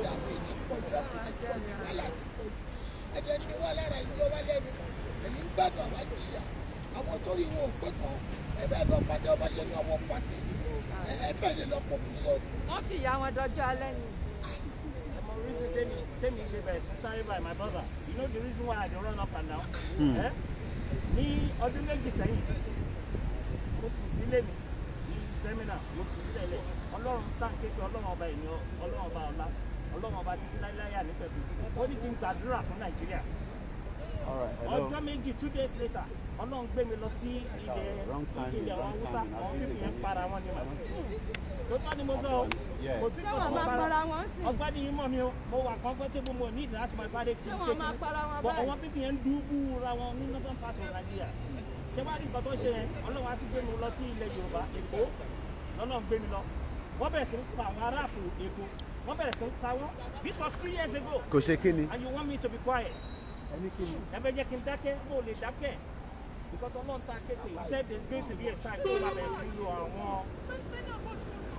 sí àmì ti pọ̀jù àmì ti pọ̀jù wàhálà pọ̀jù ẹ̀jẹ̀ ní wà lára ìjọ wa lẹ́nu èyí ń gbàdùn àwọn jìyà àwọn tó rí wọn ò pé kan ẹ̀fẹ́ lọ pàtẹ ọba ṣe ní ọmọ pàtẹ ẹ̀fẹ́ lè lọ pọ̀kù sọ. wọ́n fi ìyá wọn dọjọ́ alẹ́ ni. the reason tèmi tèmi ṣe bẹ̀rẹ̀ sí sáré by my brother you know the reason why i dey run up and down. ní ọdún méjì sẹ́yìn mo sì sílé mi ní tẹ́mínà mo sì sílẹ̀ lẹ̀ ọlọ́run táǹkì pé ọlọ́run ọba ènìyàn ọlọ́run ọba ọlá ọlọ́run ọba títí láyà ní pẹ̀lú ó ní kí n gbàdúrà fún nàìjíríà ọjọ́ méjì two days later ọlọ́run gbé mi lọ sí ilẹ̀ ìfìlẹ̀ àwọn haúsá àwọn fífi yẹn para wọn ni mà tó tọ́ ni mo sọ o kò sí kò tí mo para ọgbà ni yín mọ̀ mi o mo wà comfortable mo ní ìdílásí máa sáré kí n tó kí bọ̀ àwọn fífi yẹn ń dúbú ra wọn ní northern part of Nigeria ṣé wàá rí nǹkan tó ṣe yẹn ọlọ́run á ti gbé mi lọ sí ilẹ̀ Yorùbá Èkó lọ́nà gbé mi lọ wọ́n bẹ̀rẹ̀ sí pa àwọn aráàlú Èkó wọ́n bẹ̀rẹ̀ sí ń ta wọ́n this was three years ago. kò ṣe kí ni. and you want me to be quiet. ẹni kí ni. ẹ fẹ́ jẹ́ kí n dákẹ́ mo lè dákẹ́ because ọlọ́run ta kéde he said there is going to be a time tó bá bẹ̀rẹ̀ àwọn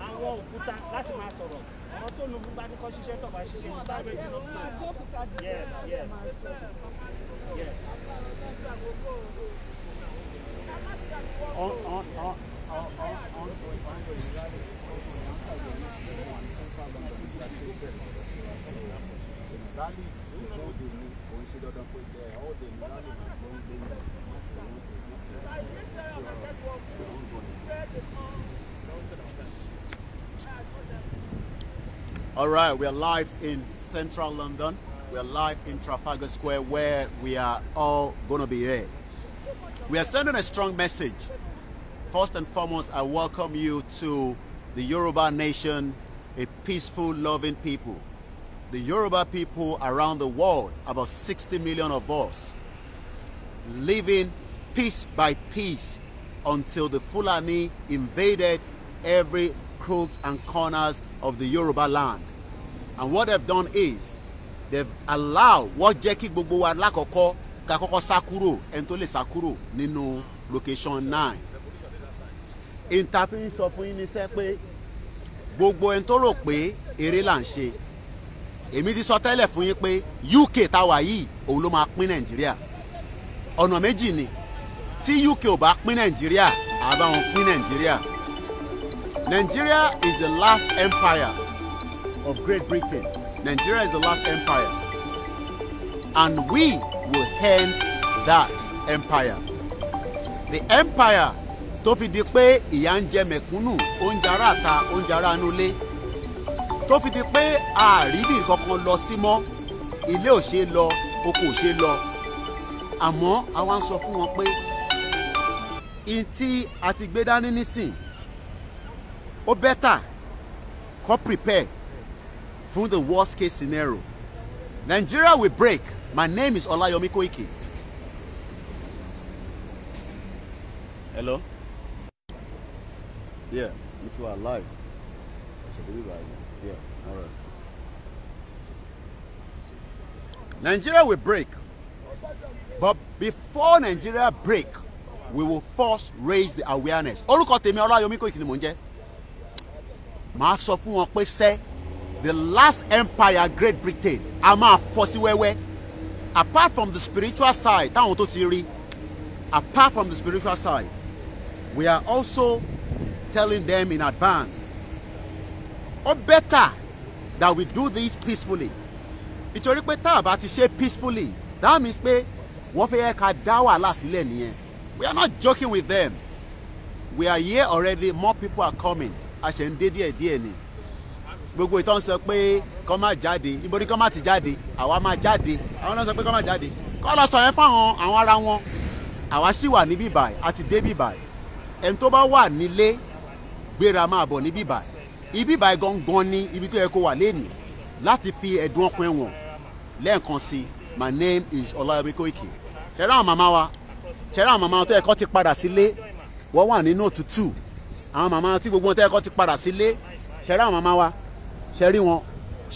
àwọn òkúta láti máa sọ̀rọ̀ àwọn tó lu bá ní ṣiṣẹ́ tó bá ṣiṣẹ́ ní sáré sí lọ́sọ̀ yes yes yes. On, on, on, on, on, on, on, on, on, on, on, on, on, on, on, on, on, on, on, All right, we are live in central London. We are live in Trafalgar Square where we are all going to be here. We are sending a strong message. First and foremost, I welcome you to the Yoruba nation, a peaceful, loving people. the Yoruba people around the world, about 60 million of us, living piece by piece until the Fulani invaded every crooks and corners of the Yoruba land. And what they've done is they've allowed what Jackie kí gbogbo wa lákọ̀ọ́kọ́ ká kọ́kọ́ sá kúrò ẹni tó location nine. in sọ fún yín ní sẹ́ pé gbogbo ẹni èmi ti sọ tẹ́lẹ̀ fún yín pé UK táwa yìí òun ló máa pín Nàìjíríà ọ̀nà méjì ni tí UK ò bá pín Nàìjíríà àbá wọn pín Nàìjíríà Nigeria is the last empire of Great Britain Nigeria is the last empire and we will end that empire the empire tó fi di pé ìyà ń jẹ mẹ̀kúnnù oúnjẹ aráàta oúnjẹ aráàánú lé tó fi di pé àríbì kankan lọ sí mọ́ ilé ò ṣe lọ oko ò ṣe lọ àmọ́ àwa ń sọ fún wọn pé ihun tí a ti gbé dání nísìn ó bẹ́tà kó prepare fún the worst case scenario Nigeria will break my name is Olayomi Koiki. hello yeah we too are live. It's Yeah, all right. Nigeria will break. But before Nigeria break, we will first raise the awareness. Orúkọ tèmi Ọláyọmí Kóìkì ni mò ń jẹ́. Màá sọ fún wọn pé sẹ́, the last empire Great Britain a máa fọ́ sí wẹ́wẹ́. Apart from the spiritual side táwọn tó ti rí, apart from the spiritual side, we are also telling them in advance ó better that we do this peacefully ìtorí pé tá a bá ti ṣe peacefully that means pé wọ́n fẹ́ ká dá wàhálà sílẹ̀ nìyẹn we are not joking with them we are here already more people are coming a ṣe ń dé díẹ̀ díẹ̀ ni gbogbo ìtàn sọ pé kọ́ má jáde níborí kọ́ má ti jáde àwa má jáde àwọn náà sọ pé kọ́ má jáde kọ́ lọ sọ yẹn fáwọn àwọn ara wọn àwa sì wà níbí báyìí àti dé bí báyìí ẹni tó bá wà nílé gbéra máa bọ̀ níbí báyìí ibi ìbáyìí gangan ni ibi tó yẹ kó wà lẹ́nu láti fi ẹ̀dùn ọkàn ẹ̀wọ̀n lẹ́ẹ̀kan sí my name is Ọláyọmí Kóìkì ṣẹ̀rẹ́ àwọn màmá wa ṣẹ̀rẹ́ àwọn màmá wa tó yẹ kó ti padà sílé wọ́n wà nínú òtútù àwọn màmá tí gbogbo wọn tó yẹ kó ti padà sílé ṣẹ̀rẹ́ àwọn màmá wa ṣẹ̀rí wọn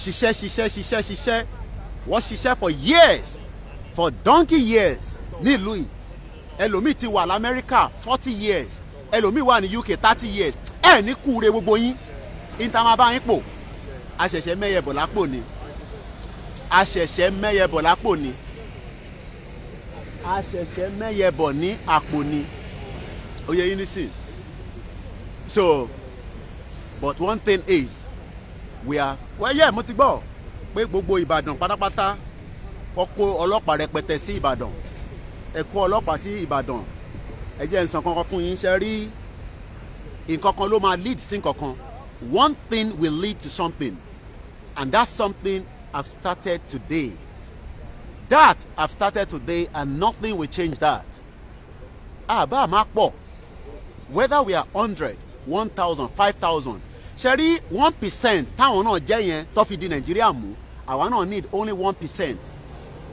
ṣiṣẹ́ ṣiṣẹ́ ṣiṣẹ́ ṣiṣẹ́ wọ́n ṣiṣẹ́ for years for donkey years nílùú yìí ẹlòmíì ti wà lamẹ́ríkà forty years ẹlòmíì wà ní UK thirty years ẹ̀ ní kúure gbogbo yín ìtàmàbá yín pò àṣẹ̀ṣẹ̀ mẹ́yẹ bọ̀ lápò ni àṣẹ̀ṣẹ̀ mẹ́yẹ bọ̀ lápò ni àṣẹ̀ṣẹ̀ mẹ́yẹ bọ̀ ní àpò ni oyè yín nísìn so but one thing is we are well yeah mo ti gbọ́ pé gbogbo Ìbàdàn pátápátá wọ́n ọlọ́pàá rẹpẹtẹ sí Ìbàdàn ẹ ọlọ́pàá sí Ìbàdàn ẹ jẹ́ kankan fún yín ṣe rí nǹkan ló máa lead sí nǹkan one thing will lead to something and that's something I've started today that I've started today and nothing will change that àbá ah, àmà pọ̀ whether we are hundred one thousand five thousand ṣe one percent táwọn náà jẹ́ yẹn tó fi di Nàìjíríà mú àwa náà need only one percent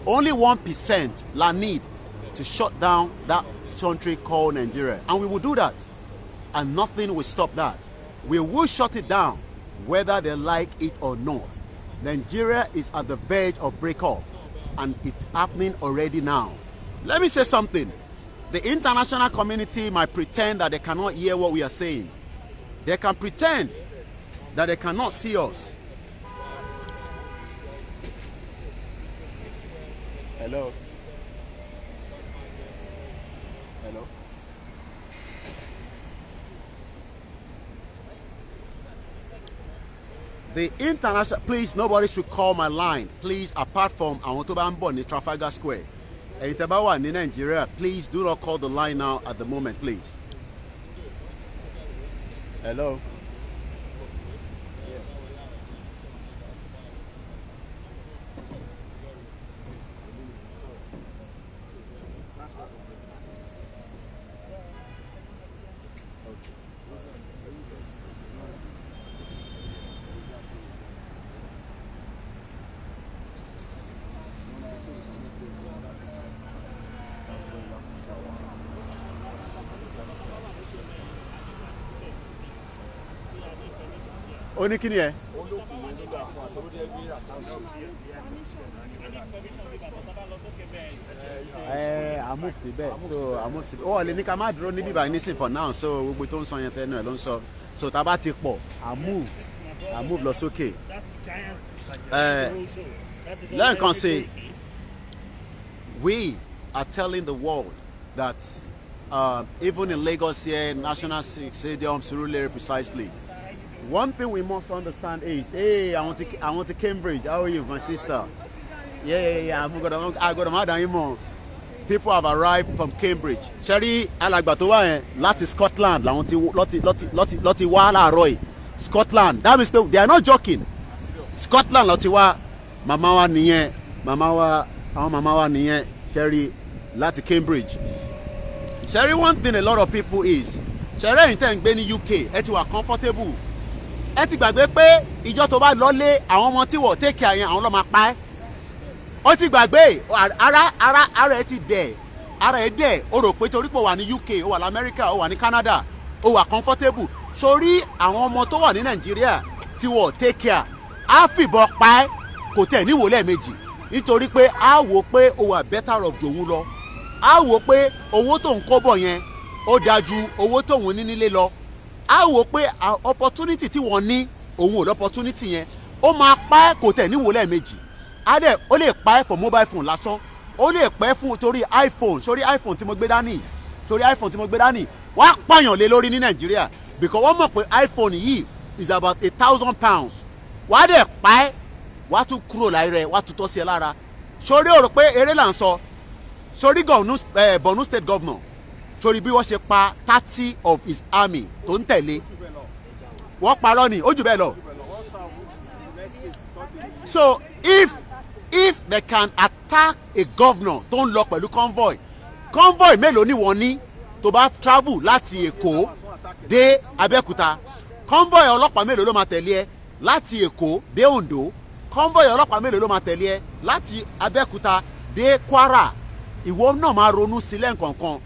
only one percent la need to shut down that country called Nigeria and we will do that and nothing will stop that We will shut it down, whether they like it or not. Nigeria is at the verge of breakup, and it's happening already now. Let me say something. The international community might pretend that they cannot hear what we are saying. They can pretend that they cannot see us. Hello. the international please nobody should call my line please apart from àwọn tó bá ń bọ̀ ní Trafalgar Square ẹ̀yin tẹ́ bá wà ní Nigeria, please do not call the line now at the moment please. Hello. ó ní kí ni ẹ. ẹ so amúfin ó wọlé ní ká má dúró níbí báyìí nísìnyí for now so gbogbo tó ń sọ yẹn tẹnu ẹ ló ń sọ so tá ti pọ̀ amú amú lọ sókè ẹ lẹ́ẹ̀kan sí we are telling the world that uh, even in Lagos here National Stadium Surulere precisely. One thing we must understand is, hey, I want to, I want to Cambridge. How are you, my sister? Yeah, yeah, yeah. I'm gonna, I got a mother more. People have arrived from Cambridge. Sherry alàgbà tó wá yẹn láti Scotland làwọn ti loti, loti, loti, loti. wá láàárọ̀ yìí. Scotland that means they are not joking. Scotland loti wá Mama wa nìyẹn mama wa àwọn mama wa nìyẹn Sherry láti Cambridge. Sherry one thing a lot of people is Sherry ẹ̀yin tẹ̀ ń gbé UK ẹ ti wà comfortable ẹ ti gbàgbé pé ìjọ tó bá lọ́lé àwọn ọmọ tí wọ́n tẹ́kẹ̀ àyàn àwọn ọlọ́mọ apá ẹ́ ó ti gbàgbé ara ara ara ẹ ti dẹ̀ ara ẹ dẹ̀ o rò pé torí pé o wà ní UK o wà ní America o wà ní Canada o wà comfortable sórí àwọn ọmọ tó wà ní Nàìjíríà tí wọ́n tẹ́kẹ̀ á fìbọn pa ẹ́ kò tẹ̀ níwò lẹ́ẹ̀mejì nítorí pé á wò pé o wà better off jòun lọ á wò pé owó tó ń kó yẹn ó dájú owó tóun ní nílé lọ á wò pé opportunity tí wọ́n ní òun ò lọ opportunity yẹn ó máa pa ẹ́ kò tẹ̀ níwò lẹ́ẹ̀mejì á dẹ̀ ó lè pa ẹ́ for mobile phone lásán ó lè pa ẹ́ fún torí iphone sórí iphone tí mo gbé dání torí iphone tí mo gbé dání wàá pààyàn lé lórí ní nàìjíríà because wọ́n mọ̀ pé iphone yìí is about a thousand pounds wàá dẹ̀ pa ẹ́ wàá tún kúrò láì rẹ̀ wàá tún tọ́ sí ẹ lára sórí ọ̀rọ̀ pé eré là ń sọ sórí eh, Borno state government sórí bí wọ́n ṣe pa thirty of his army tó ń tẹ̀lé wọ́n parọ́ ni ó jù bẹ́ẹ̀ lọ. so if if they can attack a governor tó ń lọ pẹ̀lú convoy convoy mélòó ni wọ́n ní tó bá travel láti èkó dé abẹ́òkúta convoy ọlọ́pàá mélòó ló máa tẹ̀lé ẹ láti èkó dé ondo convoy ọlọ́pàá mélòó ló máa tẹ̀lé ẹ láti abẹ́òkúta dé kwara ìwọ náà máa ronú sílẹ̀ nǹkankan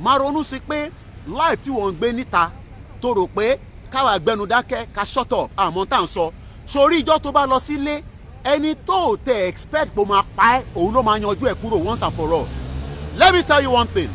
máa ronú sí pé life tí wọ́n ń gbé níta tó rò pé káwa gbẹnu dákẹ́ ká shut àmọ́ tá à ń sọ sórí ìjọ tó bá lọ sílé ẹni tó tẹ expect kó máa pa ẹ́ òun ló máa yanjú ẹ̀ kúrò once and for all let me tell you one thing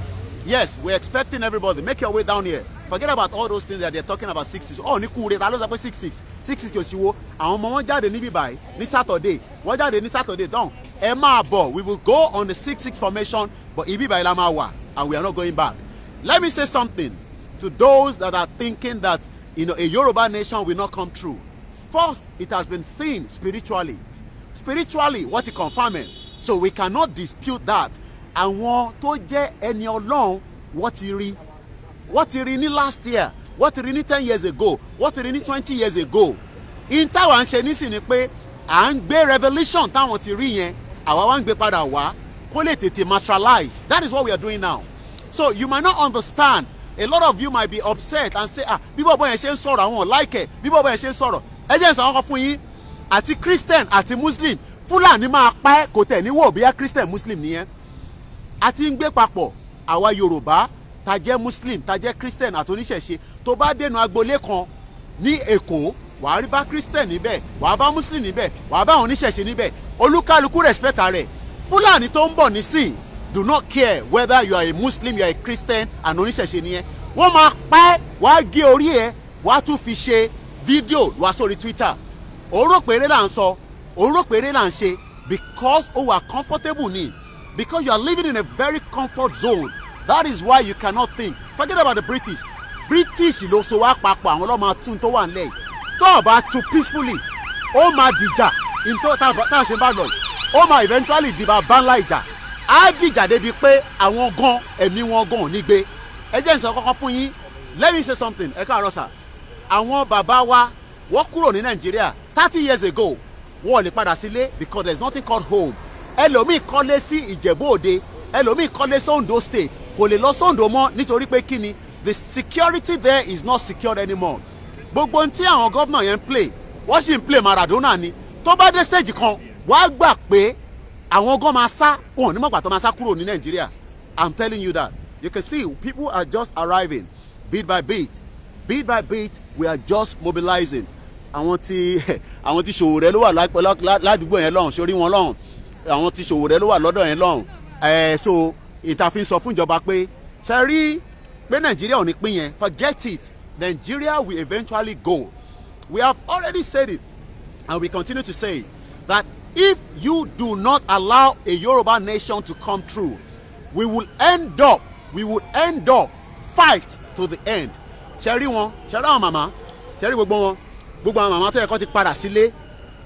yes we're expecting everybody make your way down here forget about all those things that they are talking about six six ọ oh, ní kúure ta ló sọ pé six six six six òṣìwò àwọn ọmọ wọn jáde níbí báyìí ní saturday wọn jáde ní saturday tán ẹ máa bọ̀ we will go on the six six formation but ibi báyìí la máa wà and we are not going back let me say something to those that are thinking that you know, a Yoruba nation will not come true first it has been seen spiritually spiritually what it confirming so we cannot dispute that àwọn tó jẹ́ ẹni ọlọ́run wọ́n ti rí wọ́n ti rí ní last year wọ́n ti rí ní ten years ago wọ́n ti rí ní twenty years ago in táwa ń ṣe nísìn ni pé à ń gbé revelation táwọn ti rí yẹn àwa wá ń gbé padà wá kó lè tètè materialize that is what we are doing now so you might not understand a lot of you might be upset and say ah bí bọ́ọ̀bọ́ yẹn ṣe ń sọ̀rọ̀ àwọn ò like ẹ̀ bí bọ́ọ̀bọ́ yẹn ṣe ń sọ̀rọ̀ ẹ jẹ́ ìsàn ọkọ̀ fún yín àti christian àti muslim fúlàní máa pa ẹ́ kò tẹ̀ níwò bíyá christian muslim nìyẹn a ti ń gbé papọ̀ àwa yorùbá ta jẹ́ muslim ta jẹ́ christian àtòníṣẹ̀ṣe tó bá dènà agboolé kan ní èkó wàá rí bá christian níbẹ̀ wàá bá muslim níbẹ̀ wàá bá àwọn oníṣẹ̀ṣe níbẹ̀ olúkálukú respect rẹ̀ fúlàní tó ń bọ̀ nísìn do not care whether you are a muslim you are a christian and oníṣẹ̀ṣe nìyẹn wọ́n máa pẹ́ wàá gé orí ẹ̀ wàá tún fi ṣe fídíò wá sórí twitter òun rò péré là ń sọ òun péré là ń ṣe because o are comfortable ni because you are living in a very comfort zone that is why you cannot think forget about the british british ló so wá papọ̀ àwọn ọlọ́mọ atún tó wà nílẹ̀ yìí tó o tún peacefully ó máa dìjà ìtò tá a ṣe bá lọ yìí ó máa eventually dìbà bánlá ìjà á dìjà débi pé àwọn gan ẹ̀mí wọn gan ò ní gbé ẹ jẹ́ n sọ kọ́kọ́ fún yín let me say something ẹ káàárọ̀ sà àwọn bàbá wa wọ́n kúrò ní nàìjíríà thirty years ago wọ́n lè padà sílé because there is nothing called home ẹlòmíì kọ́lé sí ìjẹ̀bú òde ẹlòmíì kọ́lé sí ondo state kò lè lọ sọ́ńdò mọ́ nítorí pé kí ni the security there is not secured anymore gbogbo ohun tí àwọn gómìnà yẹn ń play wọ́n sì ń play Maradona ni tó bá dé stage kan wàá gbà pé àwọn gan máa sá wọn ní mọ̀gbà tó máa sá kúrò ní Nàìjíríà I'm telling you that you can see people are just arriving bit by bit bit by bit we are just mobilizing àwọn tí àwọn tí Sowore ló wà ládùúgbò yẹn lọ́hùn sórí wọn lọ́hùn àwọn tí Sowore ló wà lọ́dọ̀ yẹn lọ́hùn ẹ̀ so ìtàfin sọ fún ìjọba pé ṣe rí pé nàìjíríà ò ní pín yẹn forget it Nigeria will eventually go we have already said it and we continue to say that if you do not allow a Yoruba nation to come through we will end up we will end up fight to the end ṣe rí wọn ṣe rí àwọn màmá ṣe rí gbogbo wọn gbogbo àwọn màmá tó yẹ kó ti padà sílé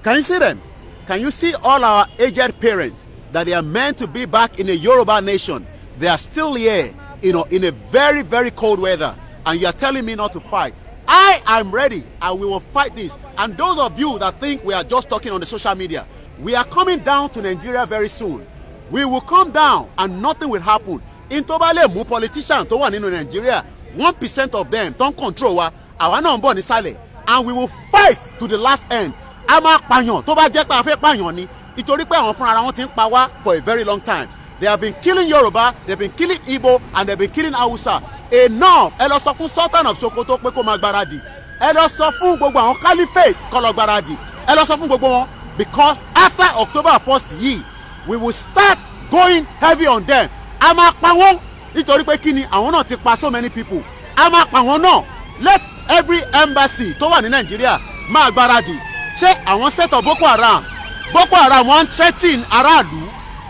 can you see them can you see all our aged parents that they are meant to be back in a Yoruba nation, they are still here, you know, in a very, very cold weather. And you are telling me not to fight. I am ready and we will fight this. And those of you that think we are just talking on the social media, we are coming down to Nigeria very soon. We will come down and nothing will happen. In Toba,le bá lè mú politician tó wà nínú Nigeria, one percent of them don't control wa, àwa náà ń bọ̀ nísàlẹ̀ and we will fight to the last end. A máa pààyàn tó a ìtorí pé àwọn fúnra wọn ti ń pa wá for a very long time they have been killing Yoruba they have been killing Igbo and they have been killing Hausa enough ẹ lọ sọ fún Sultan of Sokoto pé kó máa gbáradì ẹ lọ sọ fún gbogbo àwọn caliphate kó lọ gbáradì ẹ lọ sọ fún gbogbo wọn because after October first yìí we will start going heavy on them a máa pa wọ́n nítorí pé kí ni àwọn náà ti pa so many people a máa pa wọ́n náà let every embassy tó wà ní Nàìjíríà máa gbáradì ṣé àwọn sẹ́tọ̀ Boko Haram Boko Haram wọ́n threaten aráàlú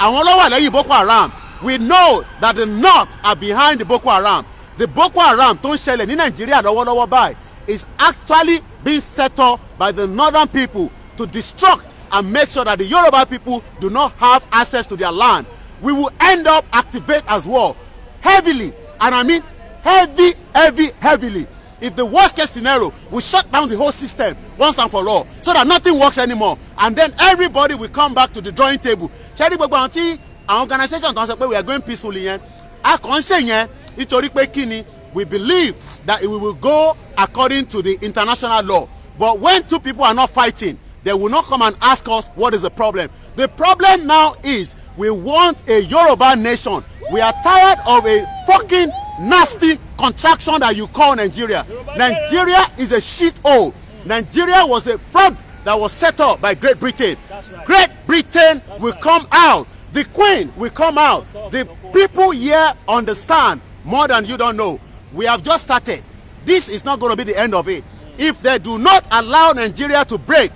àwọn ló wà lẹ́yìn Boko Haram we know that the North are behind the Boko Haram the Boko Haram tó ń ṣẹlẹ̀ ní Nàìjíríà lọ́wọ́lọ́wọ́ báyìí is actually being set up by the northern people to destruct and make sure that the Yoruba people do not have access to their land we will end up activate as well heavily and I mean heavy heavy heavily if the worst case scenario we shut down the whole system once and for all so that nothing works anymore and then everybody will come back to the drawing table ṣe rí gbogbo àwọn tí àwọn organisation kan sọ pé we are going peacefully yẹn a kàn ń ṣe yẹn nítorí pé kí ni we believe that we will go according to the international law but when two people are not fighting they will not come and ask us what is the problem the problem now is we want a Yoruba nation we are tired of a fucking nasty contraction that you call Nigeria. Nigeria is a shithole. Nigeria was a fraud that was set up by Great Britain. Great Britain will come out. The Queen will come out. The people here understand more than you don't know. We have just started. This is not going to be the end of it. If they do not allow Nigeria to break,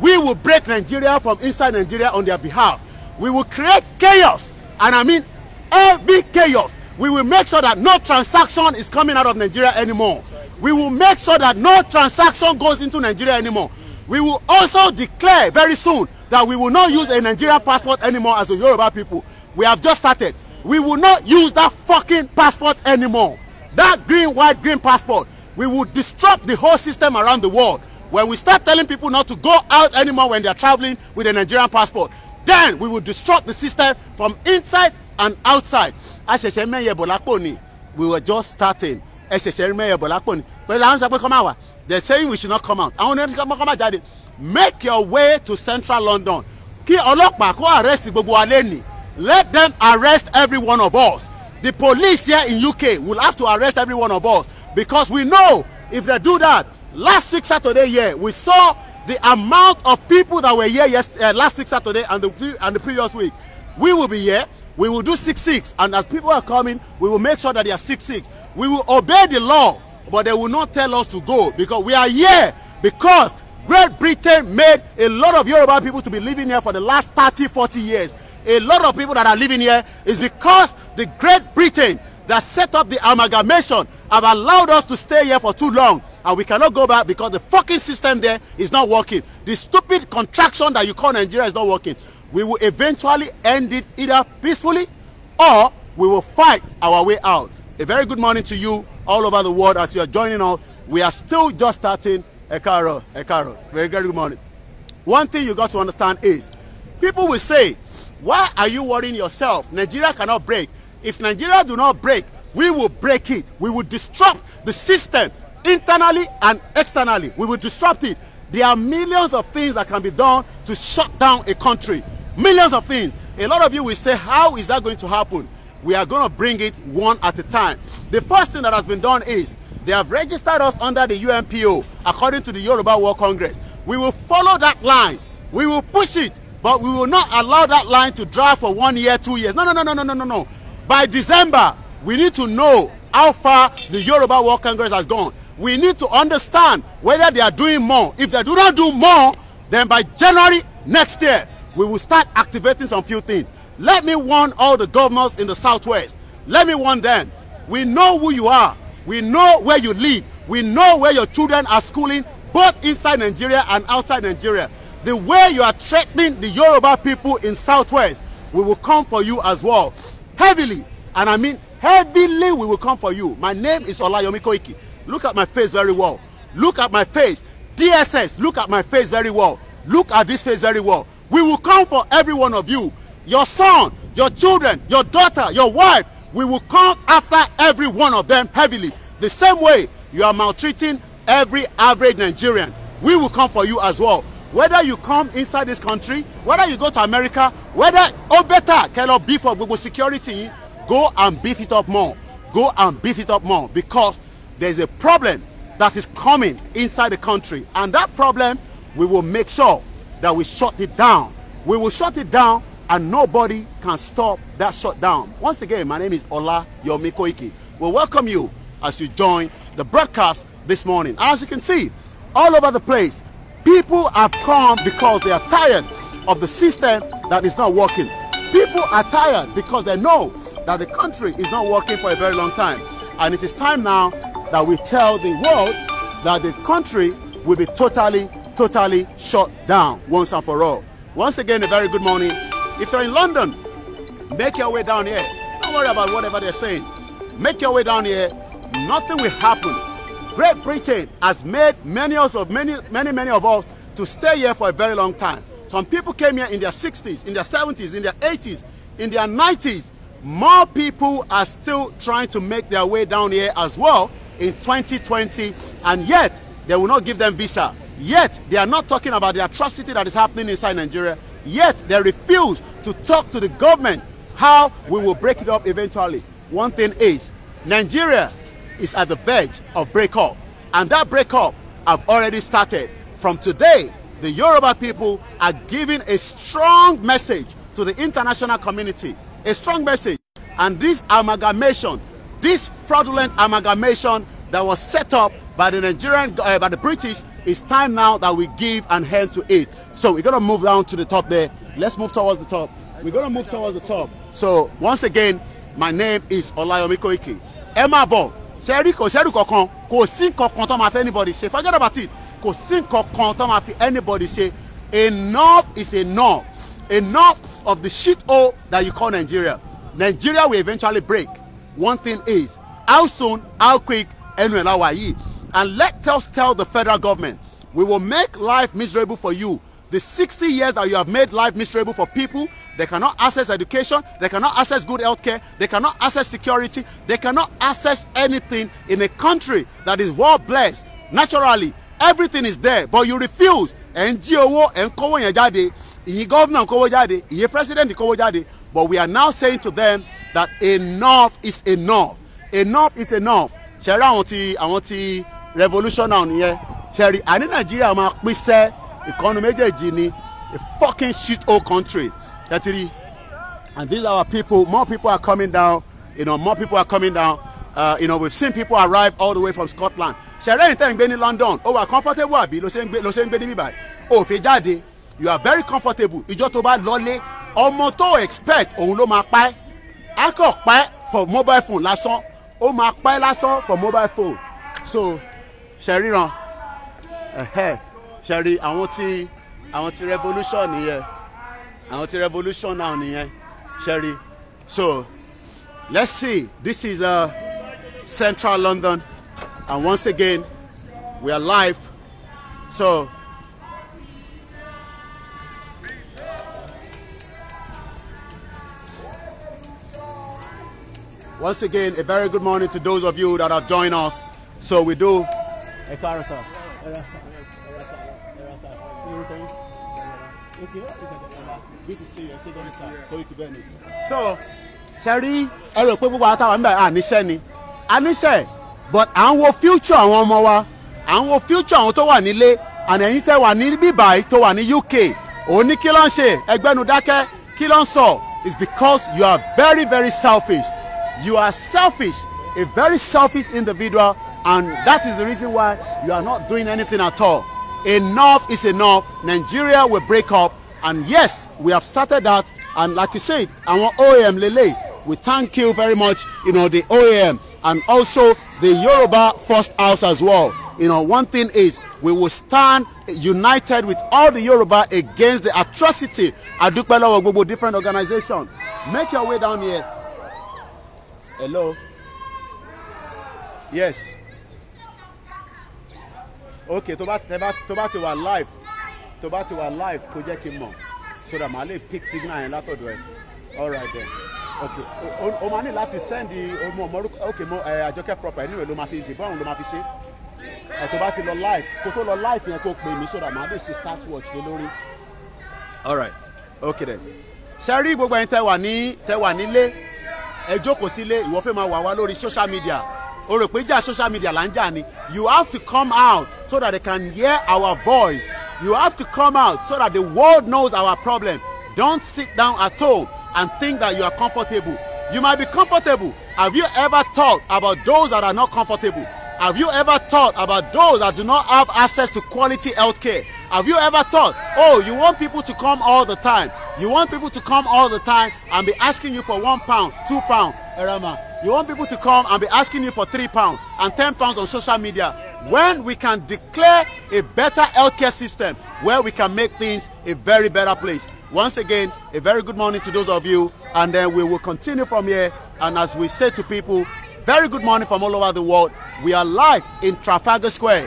we will break Nigeria from inside Nigeria on their behalf. We will create chaos, and I mean every chaos we will make sure that no transaction is coming out of Nigeria anymore. We will make sure that no transaction goes into Nigeria anymore. We will also declare very soon that we will not use a Nigerian passport anymore as a Yoruba people. We have just started. We will not use that fucking passport anymore. That green, white, green passport. We will disrupt the whole system around the world. When we start telling people not to go out anymore when they are traveling with a Nigerian passport, then we will disrupt the system from inside and outside. a ṣẹ̀ṣẹ̀ mẹ́yẹ bọ̀ ni we were just starting ẹ ṣẹ̀ṣẹ̀ mẹ́yẹ bọ̀ lápò ni pẹ̀lú àwọn sọ pé kọ́ máa wà saying we should not come out àwọn oníṣẹ́ kọ́ máa jáde make your way to central London kí ọlọ́pàá kó arrest gbogbo wa lẹ́nìí let them arrest every one of us the police here in UK will have to arrest every one of us because we know if they do that last week Saturday here we saw the amount of people that were here uh, last week Saturday and the, and the previous week we will be here we will do six six and as people are coming we will make sure that they are six six we will obey the law but they will not tell us to go because we are here because Great Britain made a lot of Yoruba people to be living here for the last thirty, forty years a lot of people that are living here is because the Great Britain that set up the amalgamation have allowed us to stay here for too long and we cannot go back because the fucking system there is not working the stupid contraction that you call Nigeria is not working we will eventually end it either peacefully or we will fight our way out. A very good morning to you all over the world as you are joining us. We are still just starting Ekaro, Ekaro. Very, very good morning. One thing you got to understand is people will say, why are you worrying yourself? Nigeria cannot break. If Nigeria do not break, we will break it. We will disrupt the system internally and externally. We will disrupt it. There are millions of things that can be done to shut down a country millions of things. A lot of you will say, how is that going to happen? We are going to bring it one at a time. The first thing that has been done is they have registered us under the UNPO according to the Yoruba World Congress. We will follow that line. We will push it, but we will not allow that line to drive for one year, two years. No, no, no, no, no, no, no, no. By December, we need to know how far the Yoruba World Congress has gone. We need to understand whether they are doing more. If they do not do more, then by January next year, we will start activating some few things. Let me warn all the governors in the southwest. Let me warn them. We know who you are. We know where you live. We know where your children are schooling, both inside Nigeria and outside Nigeria. The way you are threatening the Yoruba people in southwest, we will come for you as well. Heavily, and I mean heavily, we will come for you. My name is Olayomi Koiki. Look at my face very well. Look at my face. DSS, look at my face very well. Look at this face very well. We will come for every one of you. Your son, your children, your daughter, your wife. We will come after every one of them heavily. The same way you are maltreating every average Nigerian. We will come for you as well. Whether you come inside this country, whether you go to America, whether or better, kẹ́ lọ beef up gbogbo security go and beef it up more. Go and beef it up more because there is a problem that is coming inside the country and that problem we will make sure that we shut it down. We will shut it down and nobody can stop that shutdown. Once again, my name is Ola Yomikoiki. We welcome you as you join the broadcast this morning. As you can see, all over the place, people have come because they are tired of the system that is not working. People are tired because they know that the country is not working for a very long time. And it is time now that we tell the world that the country will be totally totally shut down once and for all. Once again, a very good morning. If you're in London, make your way down here. Don't worry about whatever they're saying. Make your way down here. Nothing will happen. Great Britain has made many of many many many of us to stay here for a very long time. Some people came here in their 60s, in their 70s, in their 80s, in their 90s. More people are still trying to make their way down here as well in 2020, and yet they will not give them visa. Yet they are not talking about the atrocity that is happening inside Nigeria. Yet they refuse to talk to the government how we will break it up eventually. One thing is, Nigeria is at the verge of breakup. And that breakup have already started. From today, the Yoruba people are giving a strong message to the international community. A strong message. And this amalgamation, this fraudulent amalgamation that was set up by the Nigerian, uh, by the British It's time now that we give and hand to it. So we're gonna move down to the top there. Let's move towards the top. We're gonna move towards the top. So once again, my name is Olayomi Koiki. Emma, máa Sherry, ṣe Sherry, kò sẹ́rù kankan, kò sí kankan tó anybody Say Forget about it. Kò sí kankan tó máa fi anybody Say Enough is enough. Enough of the shit hole that you call Nigeria. Nigeria will eventually break. One thing is, how soon, how quick, and when are yìí. And let us tell the federal government, we will make life miserable for you. The 60 years that you have made life miserable for people, they cannot access education, they cannot access good health care, they cannot access security, they cannot access anything in a country that is well blessed. Naturally, everything is there, but you refuse. Ẹ̀ ń jí owó, ẹ̀ ń kówó yẹn jáde, ìyìn gọ́vnà ń kówó jáde, ìyìn president ń kówó jáde. But we are now saying to them that enough is enough. Enough is enough. Ṣẹ̀rẹ́ àwọn ti àwọn ti Revolution revolutional nìyẹn ṣẹ̀rí àní nàìjíríà máa pín sẹ́ ìkànnì méjèèjì ni a fucking shit hole country tẹ́tìrì and these are our people more people are coming down you know more people are coming down uh, you know we've seen people arrive all the way from Scotland ṣẹ̀rẹ́ ìtẹ́ ń gbé ní London ó wà comfortable àbí ló ṣe ń gbé ló ṣe ń jáde you are very comfortable ìjọ tó bá lọlé ọmọ tó expect òun ló máa pa ẹ́ akọ̀ pa ẹ́ for mobile phone lásán ó máa pa ẹ́ lásán for mobile phone so. ṣe ríran ṣe rí àwọn tí àwọn tí revolution nìyẹn àwọn tí revolution now, here, ṣe so let's see this is uh, central London and once again we are live so. Once again, a very good morning to those of you that have joined us. So we do ẹ káàárọ̀ sá ẹ ra sá ẹ ra sá ẹ ra sá ẹ ra so ṣe ẹ rò pé gbogbo àwọn táwọn níbẹ̀ àníṣẹ́ ni àníṣẹ́ but à ń wo future àwọn ọmọ wa à ń wo future àwọn tó wà nílé àná ẹ̀yin tẹ́ wà ní bíbáyìí tó wà ní UK òun ní kí ló ń ṣe ẹgbẹ́nu dákẹ́ kí ló ń sọ is because you are very very selfish you are selfish a very selfish individual and that is the reason why you are not doing anything at all enough is enough Nigeria will break up and yes we have started that and like you said our OAM lele we thank you very much you know the OAM and also the Yoruba First House as well you know one thing is we will stand united with all the Yoruba against the atrocity adupelowo gbogbo different organization make your way down here hello yes ok tó bá tó bá ti wà live tó bá ti wà live kó jẹ́ kí n mọ̀ so that màá lè pick signal yẹn látọ̀dọ̀ ẹ alright then ok o máa ní láti send ọmọ ọmọ ok mo àjọkẹ́ proper ẹni rẹ̀ ló máa fi dìbò àwọn ló máa fi ṣe ẹ tó bá ti lọ live kó tó lọ live yẹn kó pè mí so that màá lè ṣe start watch lé lórí. alright ok then ṣe rí gbogbo ẹ̀yin tẹ́ wà ní tẹ́ wà nílé ẹ jókòó sílé ìwọ fẹ́ máa wà wá lórí social media o rò pé jà social media là ń jà ni you have to come out so that they can hear our voice you have to come out so that the world knows our problem don't sit down at home and think that you are comfortable you might be comfortable have you ever thought about those that are not comfortable have you ever thought about those that do not have access to quality healthcare? have you ever thought oh you want people to come all the time You want people to come all the time and be asking you for one pound, two pound, Erama. You want people to come and be asking you for three pounds and ten pounds on social media. When we can declare a better healthcare system where we can make things a very better place. Once again, a very good morning to those of you, and then we will continue from here. And as we say to people, very good morning from all over the world. We are live in Trafalgar Square,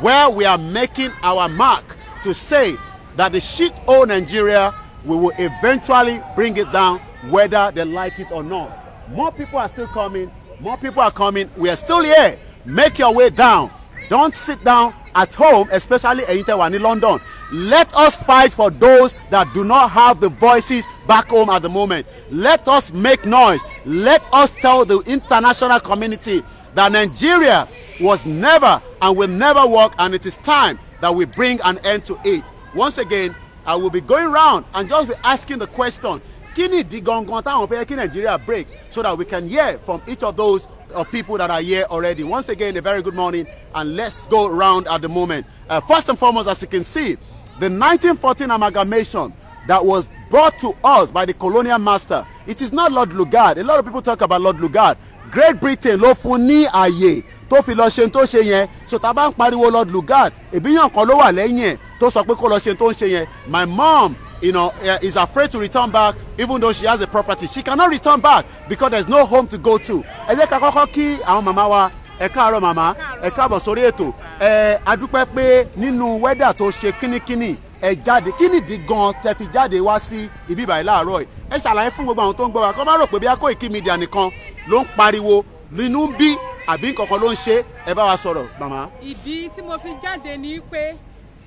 where we are making our mark to say that the shit old Nigeria we will eventually bring it down whether they like it or not. More people are still coming. More people are coming. We are still here. Make your way down. Don't sit down at home, especially in tẹ́ London. Let us fight for those that do not have the voices back home at the moment. Let us make noise. Let us tell the international community that Nigeria was never and will never work and it is time that we bring an end to it. Once again, I will be going round and just be asking the question kí ni ìdí gangan táwọn fẹ́ kí Nigeria break so that we can hear from each of those of uh, people that are here already. Once again, a very good morning and let's go round at the moment. Uh, first and foremost, as you can see, the 1914 amalgamation that was brought to us by the colonial master. It is not Lord Lugard. A lot of people talk about Lord Lugard. Great Britain ló fún ní àyè tó fi lọ ṣe tó ṣe yẹn sọta bá ń pariwo Lord Lugard ìbíyàn kan ló wà lẹ́yìn ẹ̀ tó sọ pé kó lọ ṣe tó ń ṣe yẹn my mom you know, eh, is afraid to return back even though she has a property she cannot return back because there is no home to go to. ẹ jẹ́ ká kọ́kọ́ kí àwọn màmá wa ẹ káàárọ̀ màmá ẹ káàbọ̀ sórí ètò ẹ adúpẹ́ pé nínú wẹ́dà tó ṣe kínníkínní ẹ jáde kí gan tẹ fi jáde wá sí ibi ìbàyí láàárọ̀ yìí ẹ ṣàlàyé fún gbogbo àwọn tó ń gbọ́ wa kó má rò pé bí akó ìkí mídíà nìkan ló ń pariwo nínú bí àbí nǹkan kan ló ń ṣe ẹ bá wa sọ̀rọ̀ màmá. ìdí tí mo fi jáde ni pé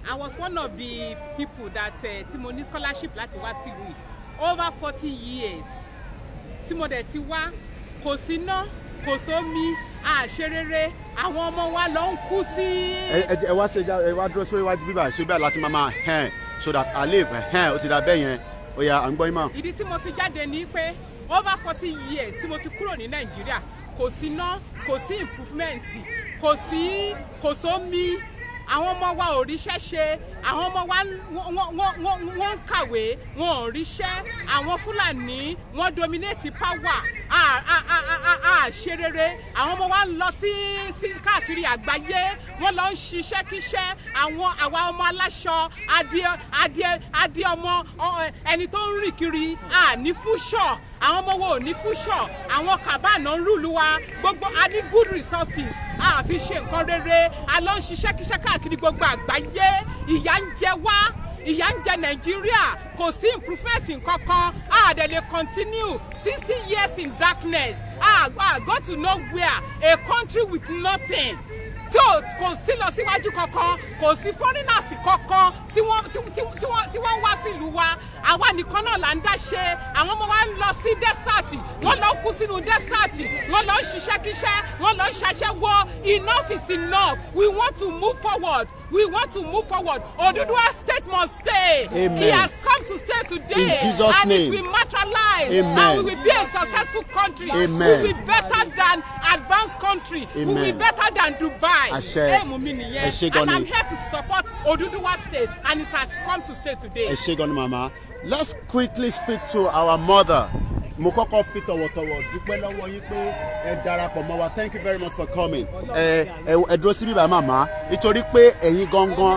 I was one of the people that uh, tí mo ní scholarship láti wá sílùú yìí over forty years tí mo dẹ̀ ti wá kò sí ná kò sómi àṣerere àwọn ọmọ wa ló ń kú sí. ẹ ẹ wá ṣe ẹ wá dúró sórí iwájú bíbá ṣé bẹ́ẹ̀ láti máa máa so that alif hẹ́n ó ti da bẹ́ẹ̀ yẹn ó à ń gbọ́ yín mọ́. ìdí tí mo fi jáde ni pé over forty years tí mo ti kúrò ní nàìjíríà kò sí iná kò sí improvement kò sí kò sómi àwọn ọmọ wa ò ríṣẹ́ ṣe àwọn ọmọ wa wọ́n ń kàwé wọn ò ríṣẹ́ àwọn fúlàní wọ́n dominate power a ṣe rere àwọn ọmọ wa ń lọ sí sí káàkiri àgbáyé wọ́n lọ ń ṣiṣẹ́ kíṣẹ́ àwọn àwa ọmọ aláṣọ adìẹ adìẹ adìẹ ọmọ ẹni tó ń rìn kiri a ní fúṣọ àwọn ọmọ wo ò ní fúṣọ àwọn kàbáàná ń rúlu wa gbogbo a ní good resources a fi ṣe nǹkan rere a lọ ń ṣiṣẹ́ kíṣẹ́ káàkiri gbogbo àgbáyé ìyà ń jẹ wá ìyà ń jẹ nàìjíríà kò sí improvement nkankan a dẹ̀ lè continue sixty years in darkness a go to nowhere a country with nothing tí kò sí lọ síwájú kankan kò sí fọ́nínàsì kankan tí wọ́n ń wá sílùú wa àwa nìkan náà là ń dá àwọn ọmọ wa ń lọ sí dẹ́sàtì wọ́n lọ kú sínú dẹ́sàtì wọ́n lọ ń ṣiṣẹ́kíṣẹ́ wọ́n lọ ń ṣaṣẹ́wó enough is enough we want to move forward we want to move forward Oduduwa state must stay Amen. he has come to stay today In Jesus and name. it will materialize Amen. and we will be a successful country Amen. we will be better than advanced country Amen. we will be better than Dubai. I ẹ ṣé gan ni. and i'm here to support oduduwa state and it has come to stay today. ẹ ṣé gan ni màmá let's quickly speak to our mother mo kọ́kọ́ fi tọ̀wọ̀tọ̀wọ̀ dúpẹ́ lọ́wọ́ yín pé ẹ darapọ̀ mọ́ wa thank you very much for coming ẹ ẹ dúró síbí bá màmá nítorí pé ẹ̀yin gangan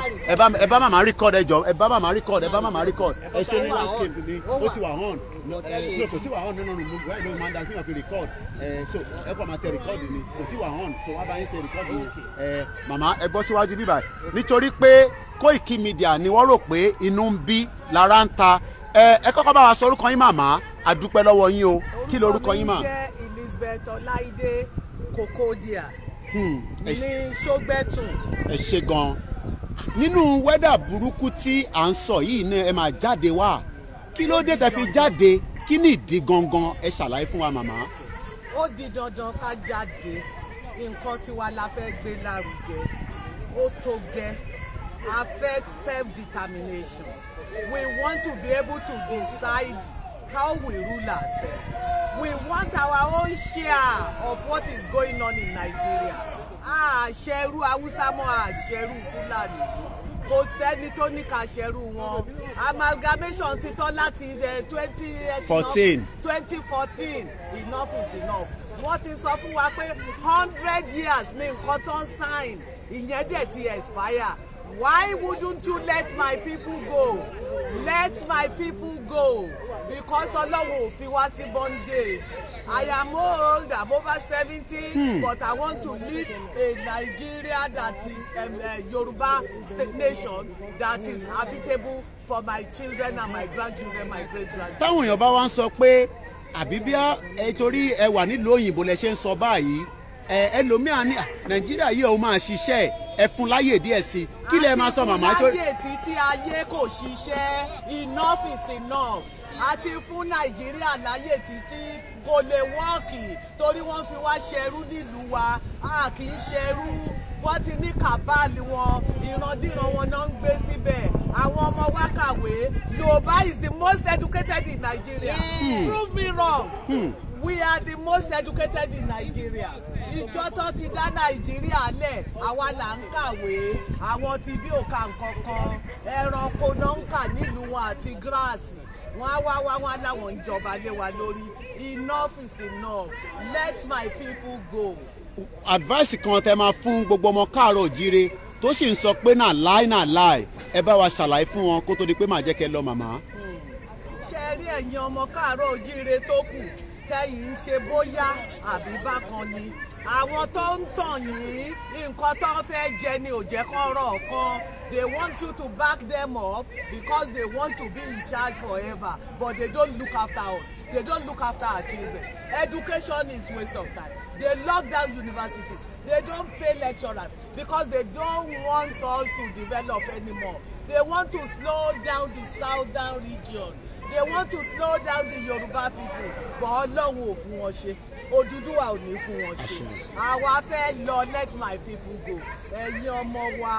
ẹ bá màmá record ẹ jọ ẹ bá màmá record ẹ bá màmá record ẹ ṣe ní landscape ni ó ti wà hàn Eh, no kò tí wà on nínú rúmù wẹ́ẹ̀ ló máa ń da kí wọ́n fi record eh, so ẹ kọ́ máa tẹ record ni kò tí wà on so wọ́n bá yín ṣe record yẹn. Eh, màmá ẹ bọ́ síwájú bíbá yìí nítorí pé Koiki Media ni wọ́n rò pé inú ń bí lára ń ta ẹ kọ́kọ́ bá wa sọ orúkọ yín màmá a lọ́wọ́ yín o kí lorúkọ yín mà. orúkọ mi jẹ́ Elizabeth Ọláìdé Kokodia hmm, ní Ṣógbẹ́tùn. ẹ ṣe gan-an nínú wẹ́dà burúkú tí à ń sọ yìí ni ẹ máa jáde wá kí ló dé tẹ́ fi jáde kí ni ìdí gangan ẹ ṣàlàyé fún wa màmá. ó di dandan ká jáde nǹkan tiwa la fẹ́ gbé lárugẹ ó tó gẹ́ a fẹ́ self-determination we want to be able to decide how we rule ourselves we want our own share of what is going on in Nigeria àṣẹrú haúsá mọ́ àṣẹrú fúlàní yìí kò sẹ́ni tó ní ká wọn amalgamation ti tọ́ láti eh, twenty eh, fourteen twenty fourteen enough is enough wọ́n ti sọ fún wa pé hundred years ní nǹkan tó ń sign ìyẹn dẹ̀ ti expire why wouldn't you let my people go let my people go because ọlọ́wọ́ ò fi wá sí bondage. I am old, I'm over seventy, hmm. but I want to lead a Nigeria that is um, uh, Yoruba state nation that is habitable for my children and my grandchildren, my great grandchildren. Táwọn èèyàn bá wá ń sọ pé àbí bí ẹ torí ẹ wà nílùú òyìnbó lẹ ṣe ń sọ báyìí ẹlòmíà ní nàìjíríà yìí òun máa ṣiṣẹ́ ẹ fún láyè díẹ̀ sí kí lẹ máa sọ màmá tó. àti fún láyè títí ayé kò ṣiṣẹ́ enough is enough àti fún nàìjíríà láyè títí kò lè wọ́ọ̀kì torí wọ́n fi wá ṣerú nílùú wa a kì í ṣerú wọ́n ti ní kàbáàlì wọn ìrandíran wọn náà ń gbé síbẹ̀ àwọn ọmọ wa kàwé yorùbá is the most educated in nigeria hmm. prove me wrong. Hmm. We are the most educated in Nigeria. Ìjọ tó ti dá Nàìjíríà lẹ̀, àwa là ń kàwé, àwọn tí bí ò ka nǹkan kan, ẹranko náà ń kà nílùú wọn àti gíráàsì wọn á wá wá wọn aláwọn ń jọba lé wa lórí enough is enough let my people go. advice kan tẹ máa fún gbogbo ọmọ káàárọ̀ òjíire tó sì ń sọ pé náà láì náà láì ẹ bá wa ṣàlàyé fún wọn kó tó di pé màá jẹ́ kẹ́ lọ màmá. ṣe rí ẹ̀yin ọmọ káàárọ̀ òjíire tó kù tẹ́yìn ń ṣe bóyá àbí bákan ni àwọn tó ń tàn yín nǹkan tó ń fẹ́ jẹ ni ò jẹ́ kán rọ̀ kan they want you to back them up because they want to be in charge forever but they don't look after us they don't look after our children education is waste of time they lock down universities they don't pay lecturers because they don't want us to develop anymore They want to slow down the southern region. They want to slow down the Yoruba people. But Ọlọ́run ò fún wọn ṣe. Odùduwà ò ní fún wọn ṣe. Àwa fẹ́ lọ let my people go. Ẹ̀yin ọmọ wa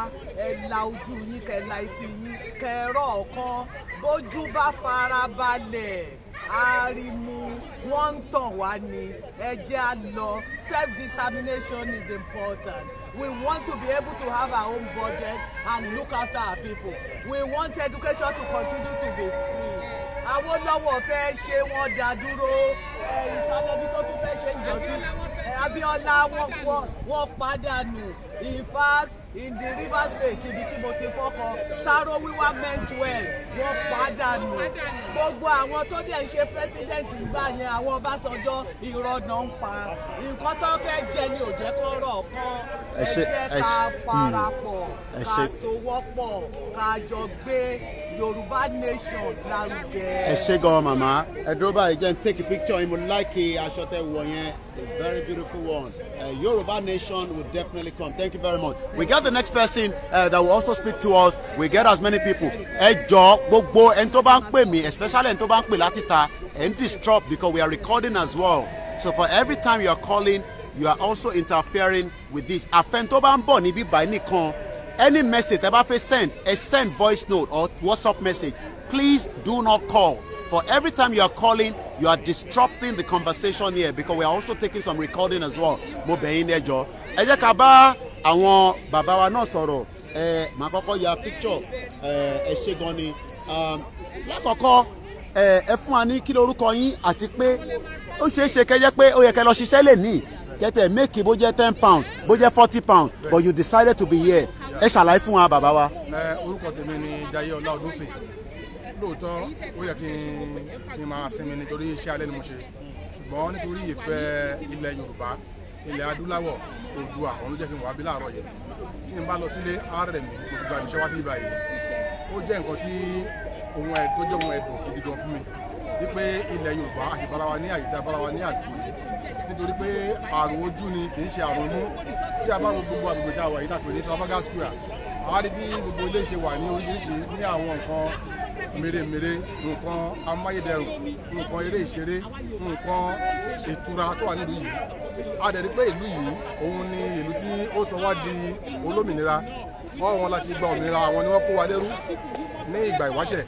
ẹ la ojú yín kẹ́ la etí yín kẹ́ ẹ̀rọ ọ̀kan bójú bá fara balẹ̀ arimu wọ́n ń tàn wá ni ẹ á lọ self determination is important we want to be able to have our own budget and look after our people we want education to continue to be free Awólọ́wọ̀ fẹ́ ṣe wọ́n dá dúró ìtàlẹ́bí tó tún fẹ́ ṣe ìjọsìn Abíọ́lá wọ́n padà in fact in the river state ibi tí mo ti fọkọ sáró wíwá meant well wọ́n pàdánù gbogbo àwọn tó dẹ̀ ń ṣe president gbà yẹn àwọn Ọbásanjọ́ ìrọ̀nà ń pa nǹkan tó fẹ́ jẹ ni ò jẹ́ kó rọ̀ kán ẹ jẹ́ ká parapọ̀ hmm. ká sowọ́pọ̀ ká jọ gbé Yorùbá nation lárugẹ. ẹ ṣe gan màmá ẹ dúró báyìí jẹ́ n take a picture yín mo like aṣọ tẹ wọ̀ yẹn it's very beautiful one uh, Yorùbá nation will definitely come thank you very much we got have the next person uh, that will also speak to us we get as many people ẹ jọ gbogbo ẹni tó bá ń pè mí especially ẹni tó bá ń pè láti ta ẹni disturb because we are recording as well so for every time you are calling you are also interfering with this àfẹn tó bá ń bọ̀ níbí báyìí nìkan any message tẹ́ bá fẹ́ send a send voice note or whatsapp message please do not call for every time you are calling you are disrupting the conversation here because we are also taking some recording as well mo bẹ̀ yín ní ẹ jẹ́ ká bá àwọn bàbá wa náà sọ̀rọ̀ ẹ màá kọ́kọ́ ya picture ẹ ẹ ṣe gan ni um, lákọ̀ọ́kọ́ ẹ ẹ fún wa ní kí lorúkọ yín àti pé ó ṣeé ṣe kẹ́jẹ́ pé ó yẹ kẹ́ lọ ṣiṣẹ́ lè ní kẹ́tẹ̀ méèkì bó jẹ́ ten pounds bó jẹ́ forty pounds but you decided to be here ẹ ṣàlàyé fún wa bàbá wa. ẹ orúkọ tèmi ni Jaiye Ọlá Odúnsìn lóòótọ́ ó yẹ kí n máa sinmi nítorí iṣẹ́ alẹ́ ni mo ṣe ṣùgbọ́n nítorí ìfẹ́ ilẹ̀ Yorùbá ilẹ̀ adúláwọ̀ Oòduà ọ̀hún ló jẹ́ kí n wá bí láàárọ̀ yẹn tí n bá lọ sílé ààrẹ mi mo fi gba ìṣẹ́ wá sí ibà yìí ó jẹ́ nǹkan tí ohun ẹ̀ tó jẹ́ ohun ẹ̀dùn gidi gan fún mi wípé ilẹ̀ Yorùbá àti barawa ní àyíká barawa ní àsìkò yìí nítorí pé àrùn ojú ni kì í ṣe àrùn mú tí a bá wo gbogbo àgbègbè tá a wà yìí láti ní Trafalgar Square àwa rí bí gbogbo ilé ṣe wà ní oríṣiríṣi ní àwọn nǹkan mèremère nǹkan amáyédẹrùn nǹkan eré ìṣeré nǹkan ìtura tó wà nílùú yìí a dẹ̀ rí pé ìlú yìí òun ni ìlú tí ó sọ wá di olómìnira wọ́n wọn láti gba òmìnira àwọn ni wọ́n kó wa lẹ́rú ní ìgbà ìwáṣẹ̀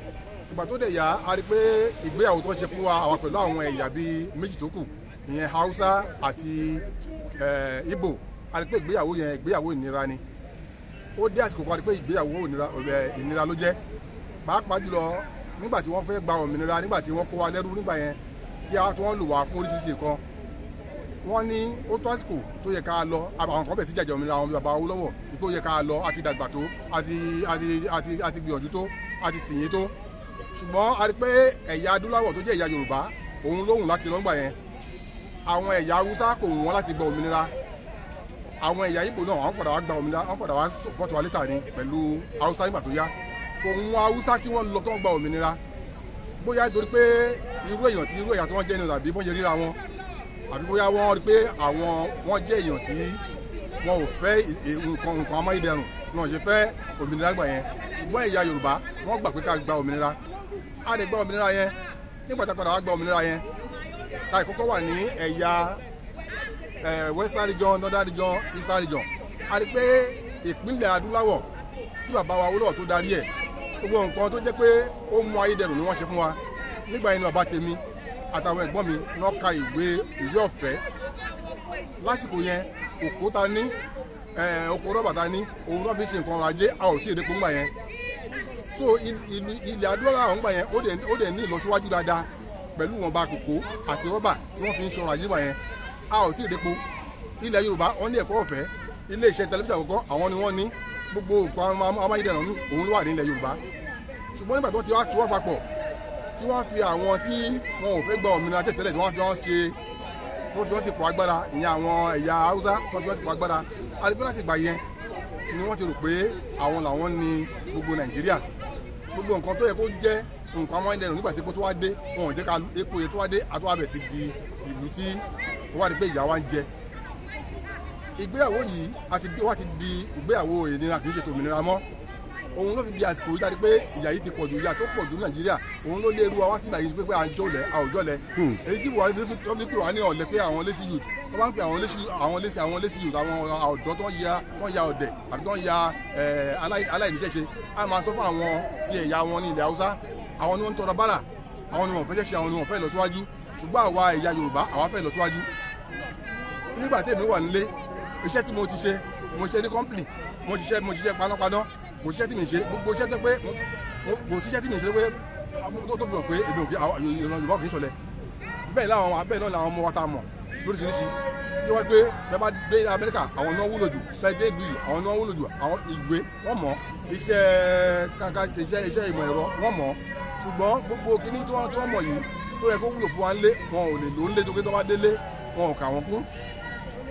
ìgbà tó dẹ̀ yá a rí pé ìgbéyàwó tó ń ṣe fún wa àwa pẹ̀lú àwọn ẹ̀yà bíi méjì tó kù ìyẹn Hausa àti eh, Igbo a rí pé ìgbéyàwó yẹn ìgbéyàwó ìnira ni ó dé àsìkò kan a rí pé ìgbéyàwó ìnira eh, ló jẹ́ pàápàá jùlọ nígbà tí wọ́n fẹ́ gba òmìnira nígbà tí wọ́n kó wa lẹ́rú nígbà yẹn tí wọ́n lò wá fún oríṣiríṣi nǹkan wọ́n ní ó tó àsìkò tó yẹ ká lọ àwọn kan bẹ̀ sí jàjà òmìnira àwọn bàbá Awólọ́wọ̀ tó yẹ ká lọ àti dàgbà tó àti àti àti àti gbìyànjú tó àti sìyìn tó ṣùgbọ́n a rí pé ẹ̀yà adúláwọ̀ tó jẹ́ ẹ̀yà Yorùbá òun lóhùn láti lọ́ngbà yẹn àwọn ẹ̀yà Haúsá kò wù wọ́n láti gba òmìnira àwọn ẹ̀yà Ìgbò náà wọ́n padà wá gba òmìnira wọ́n padà wá sọ̀kọ́tọ̀ wa létà ni pẹ̀lú Haúsá nígbà tó yá fọ̀hún haúsá kí wọ́n lọ kí wọ́n gba òmìnira bóyá nítorí pé irú èèyàn tí irú èèyàn tí wọ́n jẹ́ ni tàbí bọ́n ṣe ríra wọn àbí bóyá wọ́n rí pé àwọn wọ́n jẹ́ èèyàn tí wọn ò fẹ́ nǹkan nǹkan amáyédẹrùn wọn ò ṣe fẹ́ òmìnira gbà yẹn ṣùgbọ́n ìyá Yorùbá wọ́n gbà pé ká gba òmìnira a lè gba òmìnira yẹn nígbà tá a padà wá gba òmìnira yẹn ta ìkọ́kọ́ wà ní ẹ̀yà Western region Northern region Eastern region a rí pé ìpínlẹ̀ adúláwọ̀ tí bàbá wa olóòtú darí ẹ̀ gbogbo nǹkan tó jẹ́ pé ó mú ayédẹrùn ni wọ́n ṣe fún wa nígbà yẹn ni bàbá tèmi àtàwọn ẹ̀gbọ́n mi náà ka ìwé ìwé ọ̀fẹ́ lásìkò yẹn òkú ta ní oko rọ́bà ta ní òun náà fi ṣe nǹkan ọrọ̀ ajé a ò tí ì dẹ́kun gbà yẹn so ilẹ̀ adúláwọ̀ àwọn gbà yẹn ó dẹ̀ ní ìlọsíwájú dáadáa pẹ̀lú wọn ba kòkó àti rọ́bà tí wọ́n fi ń ṣe ọrọ̀ ajé gbà yẹn a ò tí ì dẹ́kun ilẹ̀ Yorùbá wọ́n ní ẹ̀kọ́ ọ̀fẹ́ ilé iṣẹ́ tẹlifíṣàn àkọ́kọ́ àwọn ni wọ́n ní gbogbo nǹkan amáyédẹrùn òun ló wà nílẹ̀ Yorùbá ṣùgbọ́n nígbà tí wọ́n ti wá ṣíwọ́ papọ̀ tí wọ́n fi àwọn tí wọn ò fẹ́ gba òmìnira tẹ̀tẹ̀lẹ̀ tí wọ́n fi wọ́n ṣe wọ́n fi wọ́n sì pọ̀ agbára ìyẹn àwọn ẹ̀yà Haúsá wọ́n fi wọ́n sì pọ̀ agbára alẹ́gbẹ́ láti gbà yẹn ni wọ́n ti rò pé àwọn làwọn ni gbogbo Nàìjíríà gbogbo nǹkan tó yẹ kó jẹ́ nǹkan amáyédẹrùn nígbà tí epo tó wá dé wọn ò jẹ ìgbéyàwó yìí àti wá ti di ìgbéyàwó ìnira kì í ṣètò òmìnira mọ́ òun ló fi di àsìkò yíjáde pé ìyà yìí ti pọ̀jù ìyà tó pọ̀jù nàìjíríà òun ló lé eru wa wá sí nàìjíríà pé à ń jọlẹ̀ à ò jọlẹ̀ hmm. èyí tí buhari tó fi pè wá ní ọ̀lẹ pé àwọn lẹ́sí youth wọ́n máa ń pè àwọn lẹ́sí àwọn lẹ́sí àwọn lẹ́sí youth àwọn ọ̀dọ́ tó ń ya tó ń ya ọ̀dẹ̀ àbí tó ń ya aláìníṣẹ́ṣe a máa sọ fún àwọn ti ẹ̀yà wọn ní ilẹ̀ haúsá àwọn ni wọ́n ń tọrọ bárà àwọn ni wọ́n fẹ́ ṣẹ̀ṣẹ̀ àwọn ni wọ́n fẹ́ lọ síwájú ṣùgbọ́n àwa ẹ̀yà yorùbá àwa fẹ́ lọ síwájú nígbà tèmi wà nílé iṣẹ́ tí mo ti ṣe mo ṣe ní company mo ti ṣe mo ti ṣe panápaná kò síṣẹ́ tí mi ṣe gbogbo iṣẹ́ tó pé kò síṣẹ́ tí mi ṣe pé tó tó fi hàn pé èmi ò fi ìran Yorùbá kì í ṣọ̀lẹ bẹ́ẹ̀ làwọn abẹ́ẹ̀ náà làwọn ọmọ wa ta mọ̀ lóríṣiríṣi tí wọ́n gbé bẹ́ẹ̀ bá dé Amẹ́ríkà àwọn náà wúlò jù bẹ́ẹ̀ dé ìlú yìí àwọn náà wúlò jù àwọn ìwé wọ́n mọ̀ iṣẹ́ kankan iṣẹ́ iṣẹ́ ìmọ̀ ẹ̀rọ wọ́n mọ̀ ṣùgbọ́n gbogbo kíní tí wọ́n mọ̀ yìí tó yẹ kó wúlò fún wa ń lé wọn ò lè lò ń lé tó kí tó bá délé wọn ò kà wọ́n kún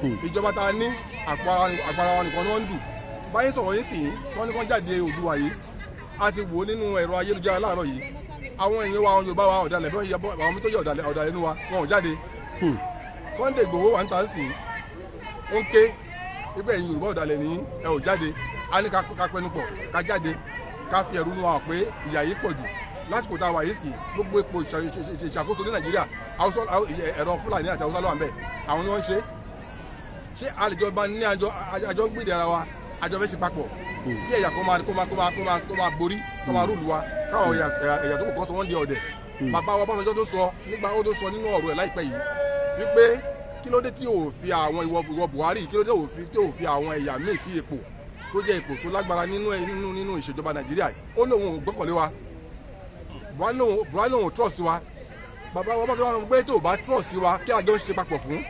ìjọba ta ní àpárá wa nìkan ni wọ́n ń dù báyìí sọ̀rọ̀ yín sì yín wọ́n ní kán jáde Oòduà yìí a ti wò ó nínú ẹ̀rọ ayélujára láàárọ̀ yìí àwọn èèyàn wa Yorùbá wa ọ̀dàlẹ̀ bí wọ́n yẹ àwọn mi tó ọ̀dàlẹ̀ nínú wa wọn ò jáde hmm. Sunday Igboho wà ń tà ń sìn ó ń ké ibẹ̀ yìí Yorùbá ọ̀dàlẹ̀ ní ẹ ò jáde a ní ká pẹnupọ̀ ká jáde ká fi ẹ̀rú nu hàn pé ìyà yìí pọ̀ jù lásìkò tá a wà yìí sí gbogbo ipò ìṣàkóso ní Nàìjíríà ẹ̀rọ Fúlàní àti Haúsá ló wà ń àwọn ni wọ́n ń ṣe ṣé àlejòba ní àjọ àjọ gbèdè ara wa àjọ fẹ́ ṣe papọ̀ hmm. kí ẹ̀yà kó máa kó máa kó máa kó máa kó máa borí kó máa hmm. rúlu wa káwọn ẹ̀yà tó kù kọ́ sọ wọ́n di ọ̀dẹ̀ hmm. bàbá wa báwọn ọjọ́ tó sọ nígbà ó tó sọ nínú ọ̀rọ̀ ẹ̀ láìpẹ́ yìí wípé kí ló dé tí ò fi àwọn ìwọ Buhari kí ló dé tí ò fi àwọn ẹ̀yà míì sí ipò tó jẹ́ ipò tó lágbára nínú nínú nínú ìṣèjọba Nàìjíríà ó lóun ò gbọ́kànlé wa Buhari lóun ò trust wa bàbá wa bá fi wá pé tó bá trust wa kí àjọ ń ṣe papọ̀ fún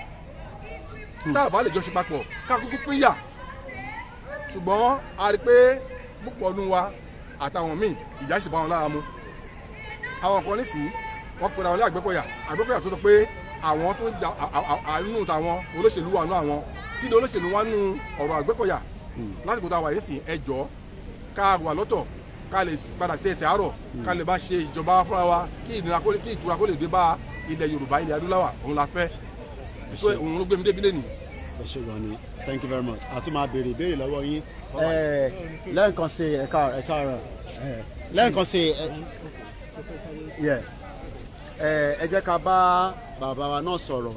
tá a bá lè jọ ṣe papọ̀ ká kúkú pínyà ṣùgbọ́n a rí pé púpọ̀ ọdún wa àtàwọn míì ìjà ṣì bá wọn lára mu àwọn kan nísìnyí wọ́n fẹ́ra wọn ní àgbẹ̀kọ̀yà àgbẹ̀kọ̀yà tó sọ pé àwọn tó ń ja àánú tàwọn olóṣèlú wà nú àwọn kí ni olóṣèlú wà nú ọ̀rọ̀ àgbẹ̀kọ̀yà lásìkò tá a wà yìí sìn ẹ jọ̀ọ́ a wà lọ́tọ̀ ká lè padà sí ẹsẹ̀ àárọ̀ ká lè bá ṣe ìjọba fúnra wa kí ìtura kó lè dé bá ilẹ̀ Yorùbá ilẹ̀ adúláwà òun la fẹ́ so òun ló gbé mi débi lẹ́nu. ẹ ṣe gan ni thank you very much a tún máa béèrè ìbéèrè lọ́wọ́ yín lẹ́ẹ̀kan sí ẹ̀ka ẹ̀ka rẹ̀ lẹ́ẹ̀kan sí ẹ jẹ́ ká bá bàbá wa náà sọ̀rọ̀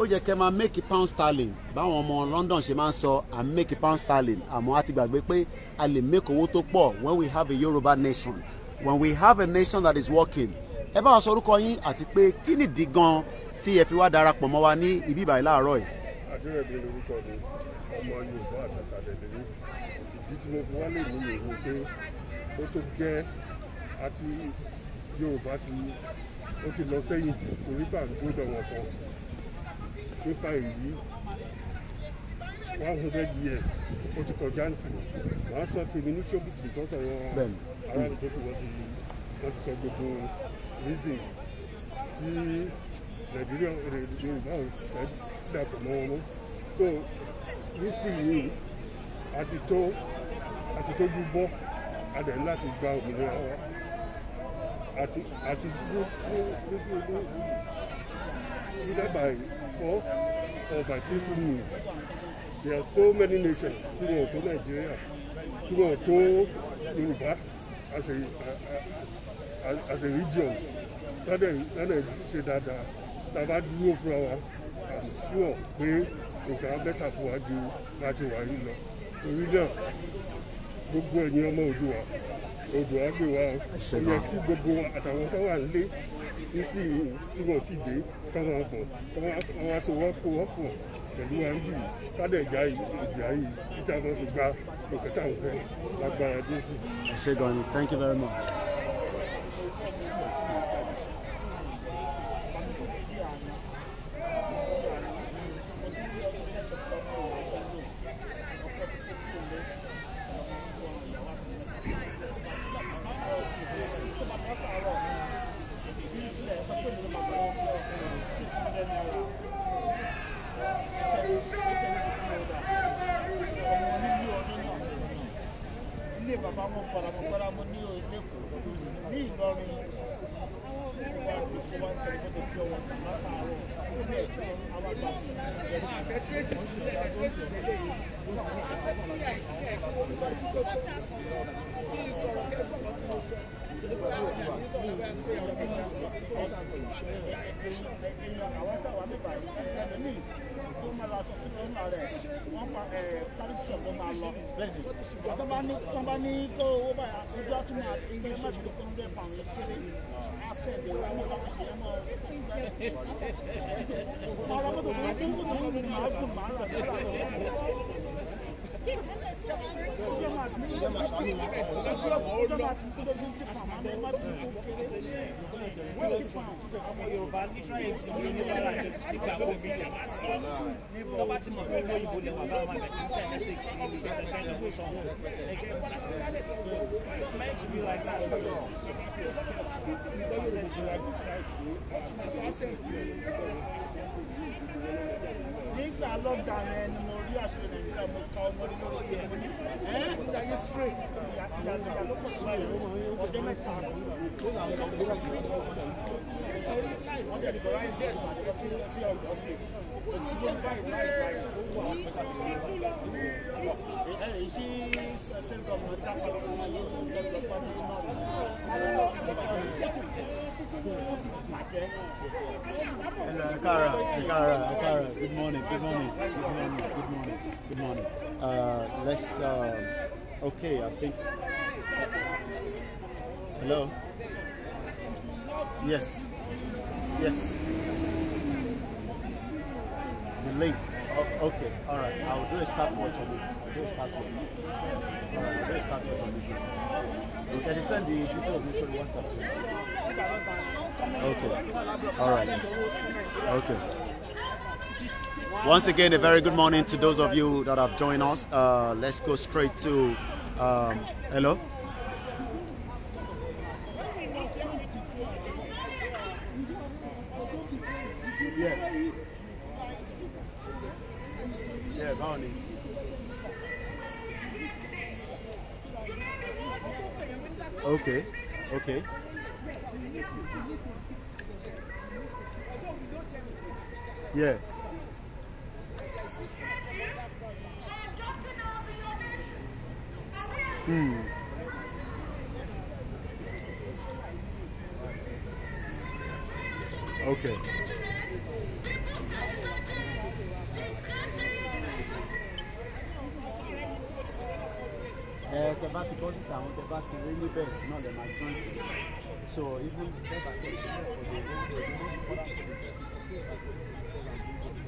ó yẹ kẹ́ máa make pound sterling báwọn ọmọ London ṣe máa ń sọ à make pound sterling àmọ́ a ti gbàgbé pé a lè make owó tó pọ̀ when we have a Yorùbá nation when we have a nation that is working ẹ bá wa sọ orúkọ yín àti pé kí nìdí gan-an tí ẹ fi wá darapọ̀ mọ́ wa ní ibi ìbàyí láàárọ̀ yìí. àdúrẹ́bí lorúkọ mi ọmọ yorùbá àtàtàlẹ̀ lèmi ìdí tí mo fi wá lè nílò ni pé ó tó gẹ́ àti yorùbá ti ó ti lọ sẹ́yìn torí bá ń gbọ́dọ̀ wọn kan nípa èyí one hundred years ó ti kọjá nísìnyí wọ́n á sọ tèmi ní ṣókùtù ìtọ́sọ̀ wọn aráàlú tó ti wọ́n ti sọ gbogbo reason tí. Nigerian Yorùbá dàpọ̀ mọ́ normal. so this nísìnyìí a ti tó a ti tójú bọ́ a dẹ̀ láti gba òmìnira wa àti àti either by force or by peaceful means there are so many nations tí wọn ò tó Nàìjíríà tí wọn tó Yorùbá as a as a region lọ́dẹ̀ lọ́dẹ̀ ṣe dáadáa tá a bá dúró fúnra wa àṣùwọ̀ pé nǹkan abẹ́ta fún wa ju láti wà yìí lọ torí náà gbogbo ẹ̀yin ọmọ Oòduà Oòduà gbé wa ó yẹ kí gbogbo àtàwọn tó wà nílé nísì tí wọn ti dé káwọn ọkọ̀ káwọn aṣọ wọ́pọ̀ wọ́pọ̀ pẹ̀lú wa ń ìjà yìí ìjà yìí títà wọn fi gba lágbára Jésù. ẹ ṣé gan ni thank you very much. ara mọ́tò tó ń sún mọ́tò sún mi ni màá gùn màá rà nígbà tó ń bọ̀. Ọmọ Yorùbá ní Israel ti ní ní bára nígbà wo mi lè wá sí. Tọ́ba ti mọ̀ pé owó ìbò lè wà bá wà lẹ́sìn sí ẹ̀ẹ́sì kì í lè ṣe ẹ̀sìn ìbò ìṣọ̀wọ́. Ẹgbẹ́ ìbò láti ṣe ẹ̀sìn ìbò. Mẹ́ẹ̀kì bí wà gbà nígbà lọ́gbà rẹ̀ ni mo rí àṣírí nàìjíríà mo ka ọmọ nínú orí ẹ̀ ẹ́ ìdáyé straight ìyàlóyà ló sí báyìí ọjọ́ mẹ́ta wọ́n dẹ̀ dìbò ráyé sí ẹ̀dùn àdìbò sí sí ọ̀gbọ̀n state òkúdó báyìí báyìí báyìí ó wà pẹ̀lú èyí tí state government dákàlọ́ fún ọjọ́ ìgbàlódé náà Hello, Akara, Akara, Akara. Good morning, good morning, good morning, good morning, good morning. Uh, let's, uh, okay, I think. Hello? Yes, yes. The link. Oh, okay, alright, I'll do a start watch on it. I'll do a start watch. Alright, I'll do a start watch on it. You can send the details on WhatsApp. Okay. All right. Okay. Once again, a very good morning to those of you that have joined us. Uh, let's go straight to. Um, hello? Yes. Yeah, Bounty. Okay, okay. Yeah. Hmm. Okay. ẹ the bá ti bọ́sítà the tẹ bá ti rí níbẹ̀ náà so even tẹ bá tẹ ṣe é ọ̀dọ̀ ìgbésẹ̀ ọ̀dọ̀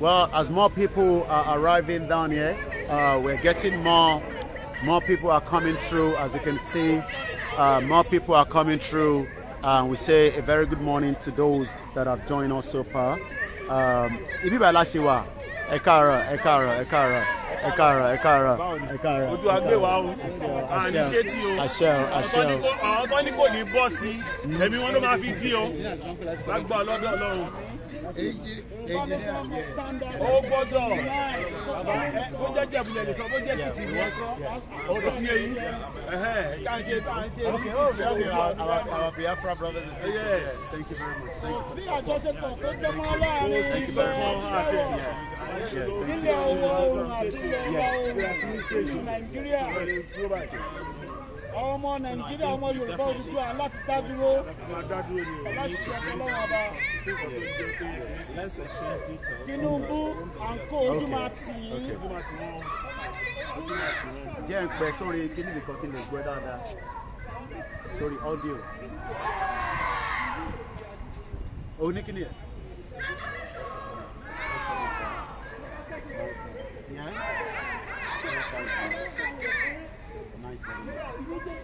Well, as more people are arriving down here, uh, we're getting more. More people are coming through, as you can see. Uh, more people are coming through, and we say a very good morning to those that have joined us so far. Um, Ibi um, ba la ekara. wà, ẹ ẹ káàárọ̀ ẹ káàárọ̀ ẹ káàárọ̀. ojú agbèwà o àní ṣé tí o àṣẹ o àṣẹ o àwọn tó ní kò ní bọ́ sí hmm. ẹ̀mí wọn ló máa fi dí o lágbà ọlọ́dọ̀ ọlọ́run ó gbọ́dọ̀ ó jẹ́ jẹ̀bùlẹ̀ lè sọ jẹ́ kìtì ìwọ sọ ó ti yé yín káńṣe káńṣe. okay okay okay our our Biafra brothers and sisters yes. thank you very much. kò sí àjọṣepọ̀ tó dé mọ́ láàrin ilẹ̀ ilẹ̀ ọwọ́ oòrùn àti ilẹ̀ ọwọ́ oòrùn Nàìjíríà ọmọ nàìjíríà ọmọ yorùbá òdúdú aláti dádúró aláti ọlọ́wọ́ ọba tinubu àǹkó ojú máa tì í. jẹ́ ń pẹ́ sórí kíní nìkan kí n lè gbọ́ dáadáa sórí ọ́díò oníkíní ẹ̀. 啊！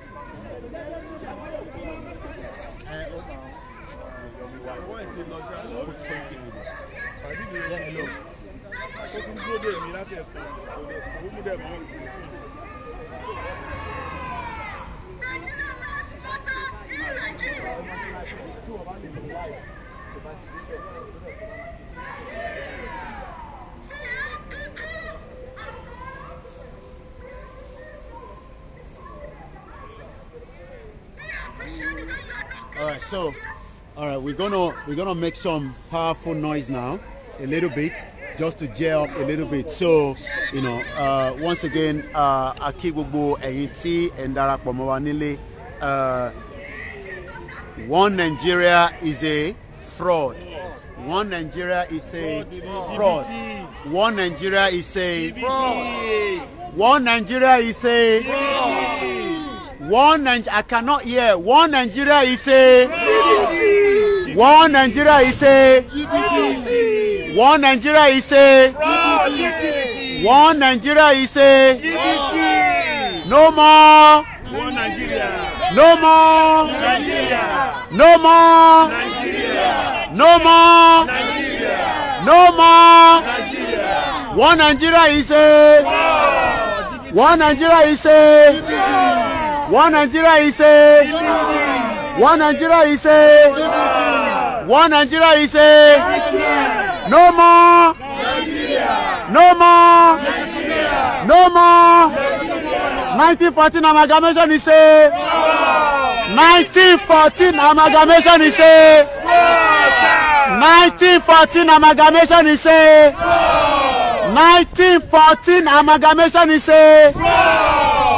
so all right we're gonna we're gonna make some powerful noise now a little bit just to gel up a little bit so you know uh, once again uh, Eti, and Dara ẹ̀yin uh, one Nigeria is a fraud one Nigeria is a fraud one Nigeria is a fraud one Nigeria is a fraud. one Nigeria I cannot hear one Nigeria he say. one Nigeria he say. one Nigeria he say. one Nigeria he say. no more one Nigeria no more Nigeria no more Nigeria no more Nigeria no more Nigeria one Nigeria he say. one Nigeria he say. One Nigeria is a unity. One Nigeria is a unity. One Nigeria is a No more Nigeria. No more Nigeria. No more Nigeria. 1914 amalgamation is a 1914 amalgamation is a 1914 amalgamation is a 1914 amalgamation is a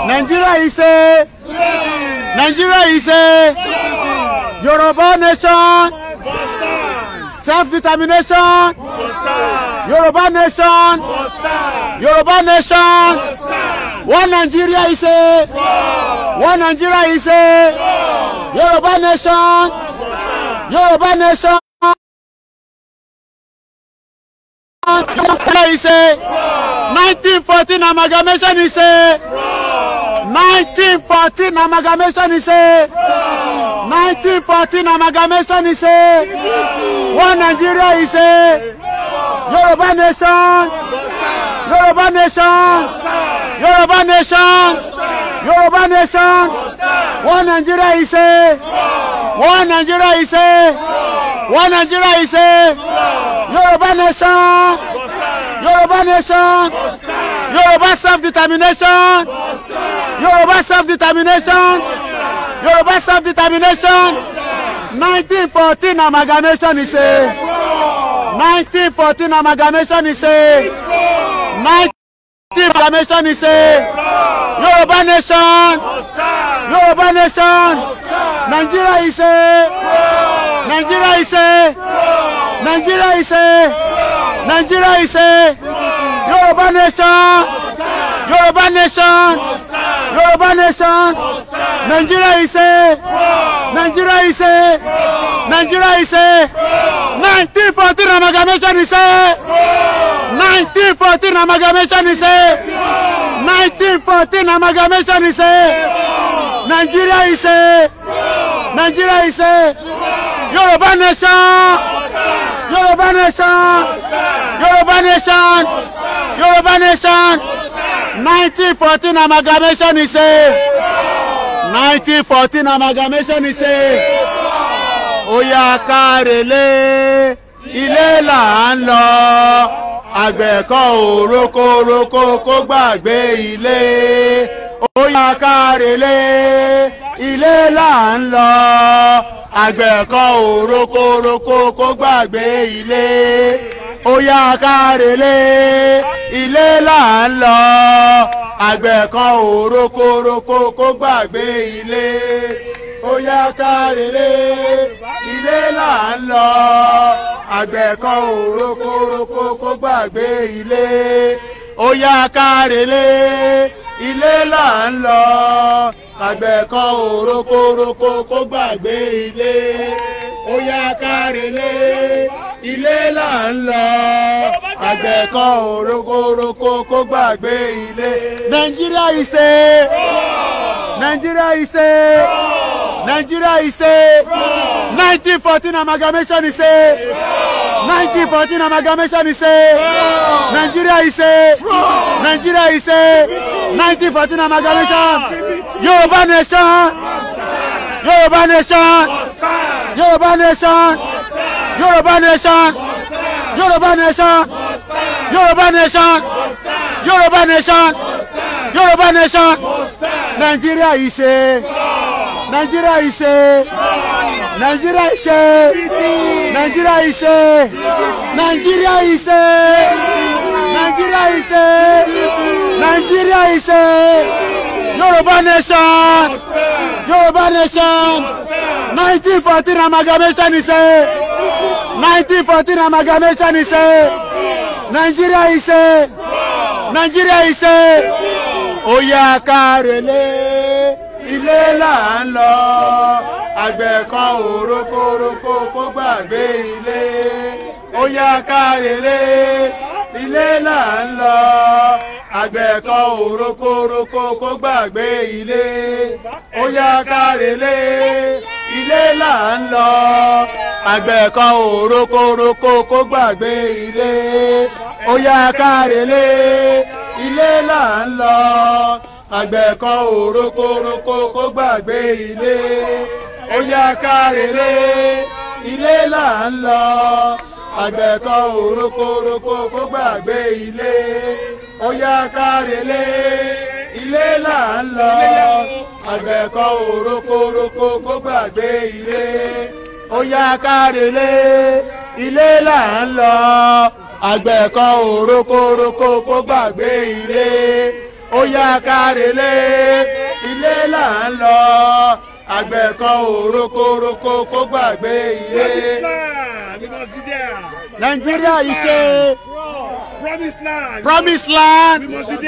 Nigeria is a Nigeria is a Yoruba nation. Self-determination. Yoruba nation. Yoruba nation. One Nigeria is a. One Nigeria is a. Yoruba nation. Yoruba nation. Nigeria is a. 1914 amalgamation is a. 1914 amalgamation is a 1914 amalgamation is a one Nigeria is a Yoruba nation Yoruba nation Yoruba nation Yoruba nation one Nigeria is a one Nigeria is a one Nigeria is a Yoruba nation. Yorùbá nation Yorùbá self-determination Yorùbá self-determination Yorùbá self-determination nineteen fourteen amalgamation is a nineteen fourteen amalgamation is a nineteen amalgamation is a Yorùbá nation Yorùbá nation Nigeria is a. Nigeria is a Nigeria is a Nigeria is a Yoruba nation Yoruba nation Yoruba nation Nigeria is a Nigeria is a Nigeria is a 1914 amalgamation is a 1914 amalgamation is a 1914 amalgamation is a Nigeria is a Nigeria is a Yorùbá nation. Yorùbá nation. Yorùbá nation. Yorùbá nation. 1914 amalgamation is a. 1914 amalgamation is a. Oya kárelé ilé là ń lọ àgbẹ̀ kọ́ òrókó rókó kó gbàgbé ilé ó yá kárelé ilé là ń lọ àgbẹ̀ kọ́ òrokoroko kó gbàgbé ilé ó yá kárelé ilé là ń lọ àgbẹ̀ kọ́ òrokoroko kó gbàgbé ilé ó yá ilé là ń lọ àgbẹ̀ kọ́ òrokoroko kó gbàgbé ilé ó yá ilé là ń lọ àgbẹ̀ kan òrokoroko kó gbàgbé ilé ó yá kárelé ilé là ń lọ àgbẹ̀ kan òrokoroko kó gbàgbé ilé nàìjíríà ìṣe nàìjíríà ìṣe nàìjíríà ìṣe nineteen fourteen amalgamation ìṣe. 1914 amalgamation is a Nigeria is a Nigeria is a 1914 amalgamation Yoruba nation Yoruba nation Yoruba nation Yoruba nation Yoruba nation Yoruba nation Yoruba nation Yoruba nation Nigeria is a. Nigeria is a Nigeria is a Nigeria is a Nigeria is a Nigeria is a Nigeria is a Yoruba nation Yoruba nation 1914 amalgamation is a 1914 amalgamation is a Nigeria is a Nigeria is a Oya Karele ilé là ń lọ àgbẹ̀ kan ò kó gbàgbé ilé ó yá ká rere ilé là ń lọ àgbẹ̀ kan ò kó gbàgbé ilé ó yá ká rere ilé là ń lọ àgbẹ̀ kan ò kó gbàgbé ilé ó yá ká ilé là ń lọ àgbẹ̀ kan òrókórókó kó gbàgbé ilé ó yá kárèrè ilé là ń lọ àgbẹ̀ kan òrókórókó kó gbàgbé ilé ó yá kárèrè ilé là ń lọ àgbẹ̀ kan òrókórókó kó gbàgbé ilé ó yá kárèrè ilé là ń lọ àgbẹ̀ kan òrókórókó kó gbàgbé ilé ó yá kárelé ilé là ń lọ àgbẹ̀ kan ò rokoroko kó gbàgbé ilé. Nigeria is a promised land. Promise land. Promise must be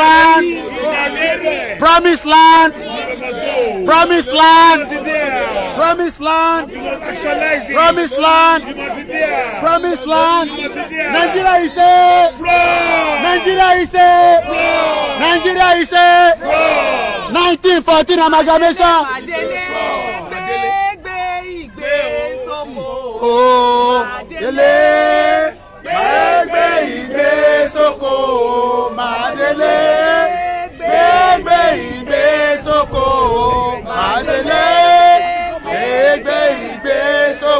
land. Promise land. Promise land. Promised land. Promised land. Promised land. You must be Nigeria is a Nigeria is a fraud. Nigeria is a fraud. 1914 amalgamation. Oh, délé gbégbé ìgbé sóko máa délé gbégbé ìgbé sóko máa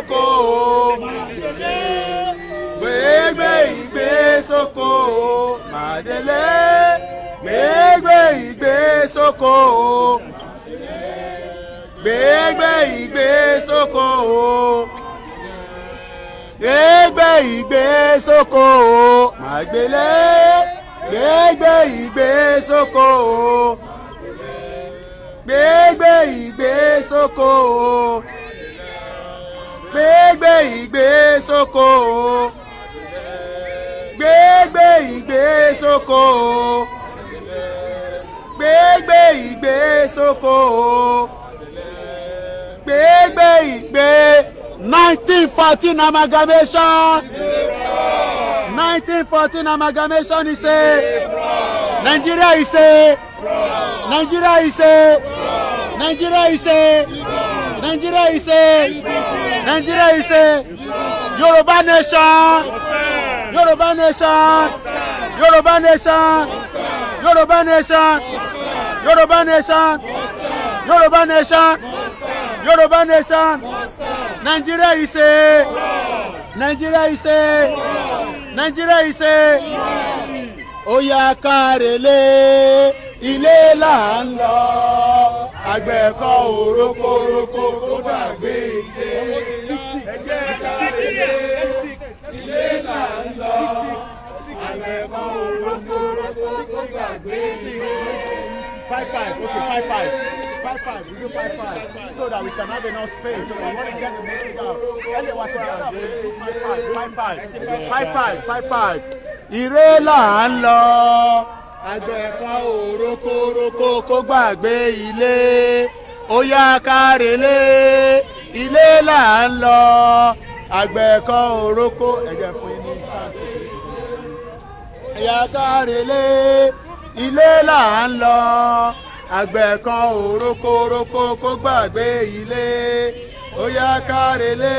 sóko o. Gbégbé ìgbé sóko o. Màdélé. Gbégbé ìgbé sóko o. Gbégbé ìgbé sóko o. Gbégbé ìgbé sóko o. Màgbélé. Gbégbé ìgbé sóko o. Gbégbé ìgbé sóko o gbégbé ìgbé sóko o gbégbé ìgbé sóko o gbégbé ìgbé sóko o gbégbé ìgbé. nineteen fourteen amalgamation nineteen fourteen amalgamation is a Nigeria is a Nigeria is a Nigeria is a. Nigeria is a Nigeria is a Yoruba nation Yoruba nation Yoruba nation Yoruba nation Yoruba nation Yoruba nation Yoruba nation Nigeria is a Nigeria is a Nigeria is a Oya karele ilé là ń lọ àgbẹ̀ kọ òrókó rókó kó gbàgbé ilé ẹgbẹ́ kárẹ́lẹ́ ilé là ń lọ àgbẹ̀ kọ òrókó rókó kó gbàgbé ilé. five five okay five five five five we do five five so that we can have enough space so we want to get the music out early water out five five five five five five five five Irela là àgbẹ̀ ẹ̀ka òrókórókó kó gbàgbé ilé ó yá kárelé ilé là ń lọ àgbẹ̀ ẹ̀ka òrókó ẹ̀jẹ̀ fún yín ní sáǹtì. ó yá kárelé ilé là ń lọ àgbẹ̀ ẹ̀ka òrókórókó kó gbàgbé ilé ó kárelé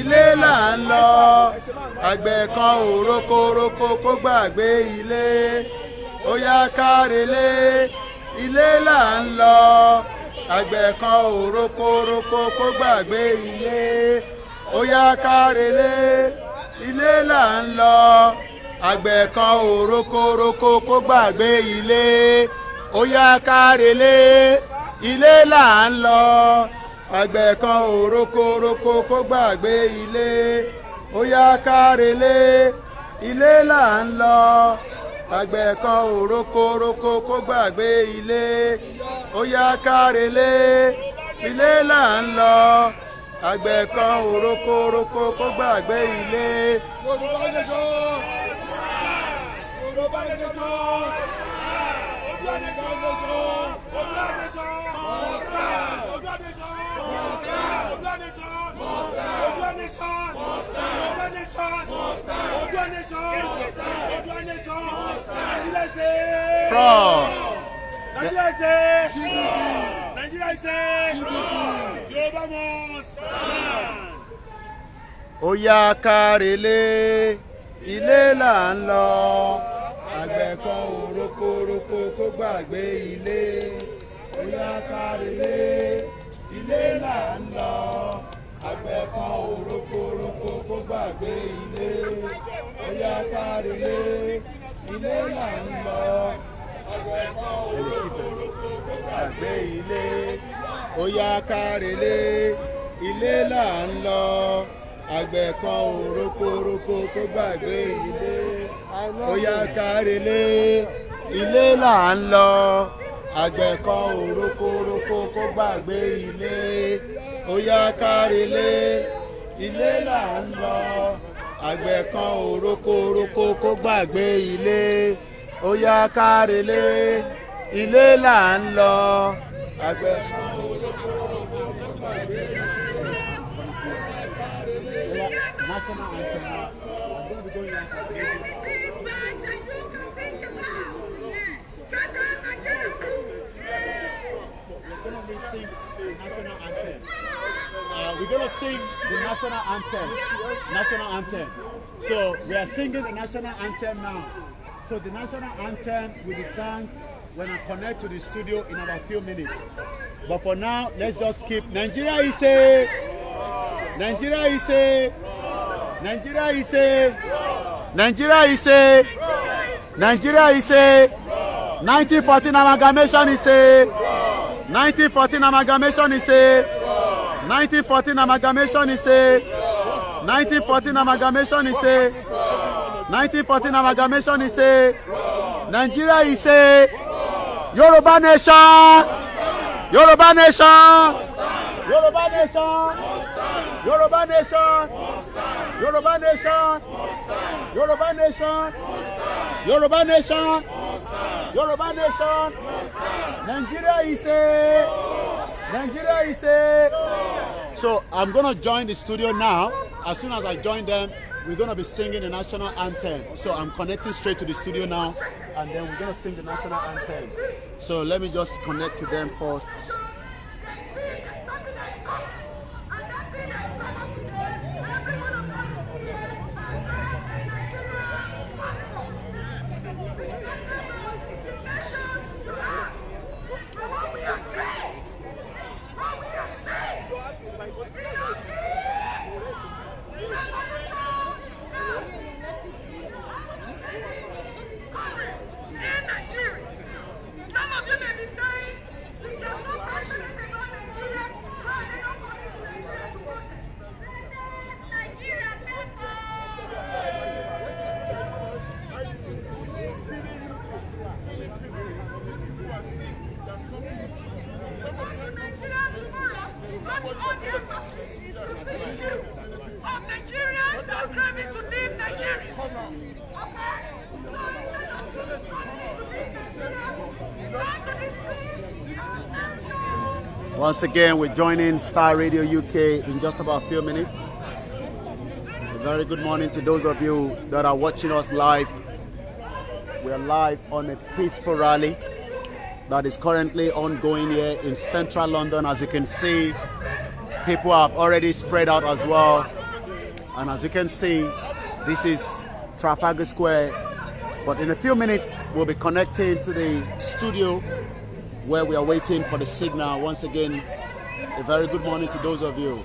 ilé là ń lọ àgbẹ̀ ẹ̀ka òrókórókó kó gbàgbé ilé ó yá kárelé ilé là ń lọ àgbẹ̀ kan ò rokoroko kó gbàgbé ilé ó yá kárelé ilé là ń lọ àgbẹ̀ kan ò rokoroko kó gbàgbé ilé ó yá kárelé ilé là ń lọ àgbẹ̀ kan ò rokoroko kó gbàgbé ilé ó yá kárelé ilé là ń lọ àgbẹ̀ kan ò roko roko kó gbàgbé ilé ó yá kárelé ilé là ń lọ àgbẹ̀ kan ò roko roko kó gbàgbé ilé. Yorùbá lè jọ Yorùbá lè jọ ojú àdéṣọ ojú àdéṣọ mọ̀ọ́sá ojú àdéṣọ mọ̀ọ́sá ojú àdéṣọ mọ̀ọ́sá ojú àdéṣọ mọ̀ọ́sá. From Nigeria is Nigeria is a Yorùbá must stand. Ó yá kárelé ilé là ń lọ àgbẹ̀ kan ò rokoroko kó gbàgbé ilé ó yá kárelé ilé là ń lọ àgbẹ̀ kan ò rokoroko. gbàgbé ilé ọ̀yá kárílé ilé là ń lọ ọ̀dọ̀ ẹ̀kọ́ olókoòrókò kó ile kan kó gbàgbé ilé là ń lọ àgbẹ̀ kan òroko òroko kó gbàgbé ilé ó yá kárelé ilé là ń lọ àgbẹ̀ kan òroko òroko kó gbàgbé ilé ó yá kárelé. national anthem. National anthem. So we are singing the national anthem now. So the national anthem will be sung when I connect to the studio in about a few minutes. But for now, let's just keep Nigeria is say. Nigeria is say. Nigeria is say. Nigeria is say. Nigeria is a 1914 amalgamation is a 1914 amalgamation is say. 1914 amalgamation is a 1914 amalgamation is a 1914 amalgamation is a Nigeria is a Yoruba nation Yoruba nation Yoruba nation Yoruba nation Yoruba nation Yoruba nation Yoruba nation Yoruba nation Nigeria is a. Nigeria is a. So I'm gonna join the studio now. As soon as I join them, we're gonna be singing the national anthem. So I'm connecting straight to the studio now, and then we're gonna sing the national anthem. So let me just connect to them first. Once again, we're joining Star Radio UK in just about a few minutes. A very good morning to those of you that are watching us live. We are live on a peaceful rally that is currently ongoing here in central London. As you can see, people have already spread out as well. And as you can see, this is Trafalgar Square. But in a few minutes, we'll be connecting to the studio where we are waiting for the signal. Once again, a very good morning to those of you.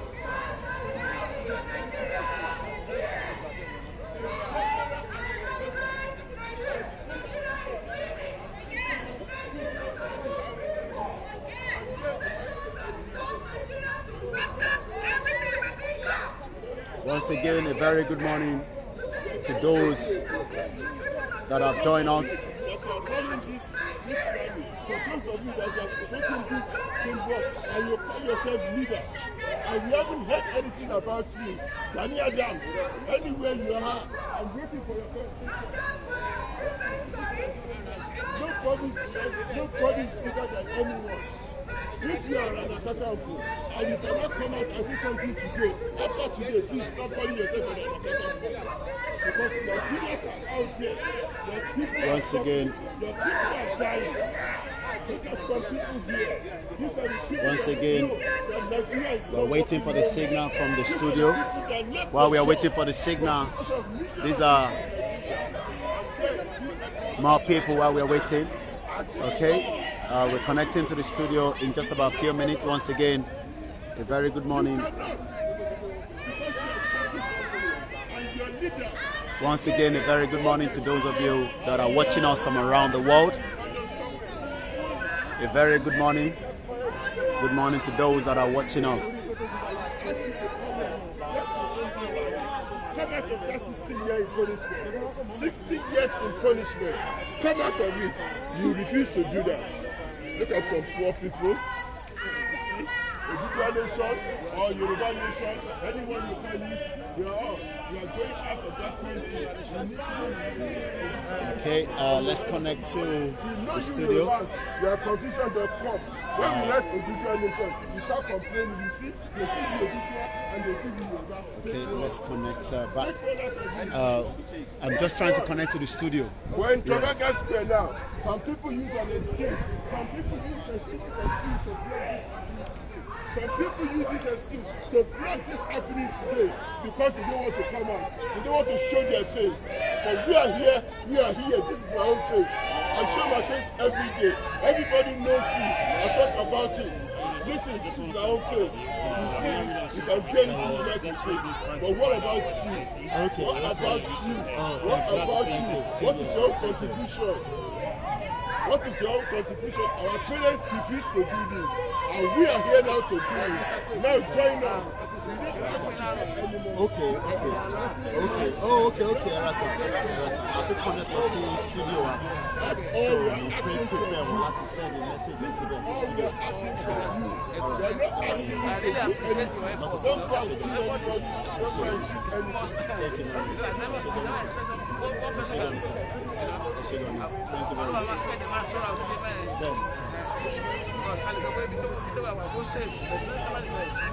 Once again, a very good morning to those that have joined us. complaints of you that have taken this symbol and you call yourself leader and we haven't heard anything about you Gani Adams anywhere you are I'm waiting for your conversation nobody nobody is bigger than anyone if you are an akatanfo and you cannot come out and say something today after today please stop calling yourself an akatanfo because nigerians are out there their people once are again their people are dying. Once again, we're waiting for the signal from the studio. While we are waiting for the signal, these are more people while we are waiting. Okay, uh, we're connecting to the studio in just about a few minutes. Once again, a very good morning. Once again, a very good morning to those of you that are watching us from around the world. A very good morning. Good morning to those that are watching us. Come out of that 16 years in punishment. 16 years in punishment. Come out of it. You refuse to do that. Look at some poor people. Adua Nation or Yoruba Nation, anyone you call it, you are all. You are going out of that country. Okay, uh, let's connect to you know the studio. You confusion the crop. When we let Adua Nation, you start complaining, you see, they give you Adua and they give you Yoruba. Okay, let's connect uh, back. Uh, I'm just trying to connect to the studio. When Tobago yeah. Square now, some people use an excuse. Some people use an excuse to blame Some people use this excuse to block this happening today because they don't want to come out. They don't want to show their face. But we are here, we are here. This is my own face. I show my face every day. Everybody knows me. I talk about it. Listen, this is my own face. You see, you can do anything you like to say. But what about you? What about you? Oh, what about you? What is your contribution? What is your own contribution? Our parents refused to do this, and we are here now to do it. Now join us. Okay, okay, okay. Oh, okay, okay. Arasa, Arasa. I think connect to see studio one. Ah. So you pray, prepare one to send a message to them to studio. Thank you. Thank you.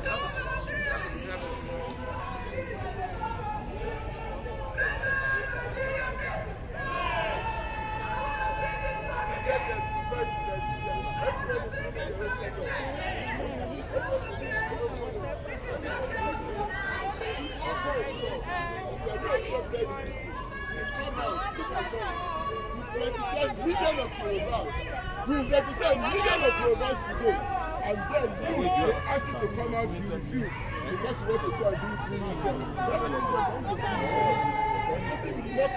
progress. You will represent millions of Yorubas today, and then you will ask you to come out, you refuse because you want to try and do it really well. You did not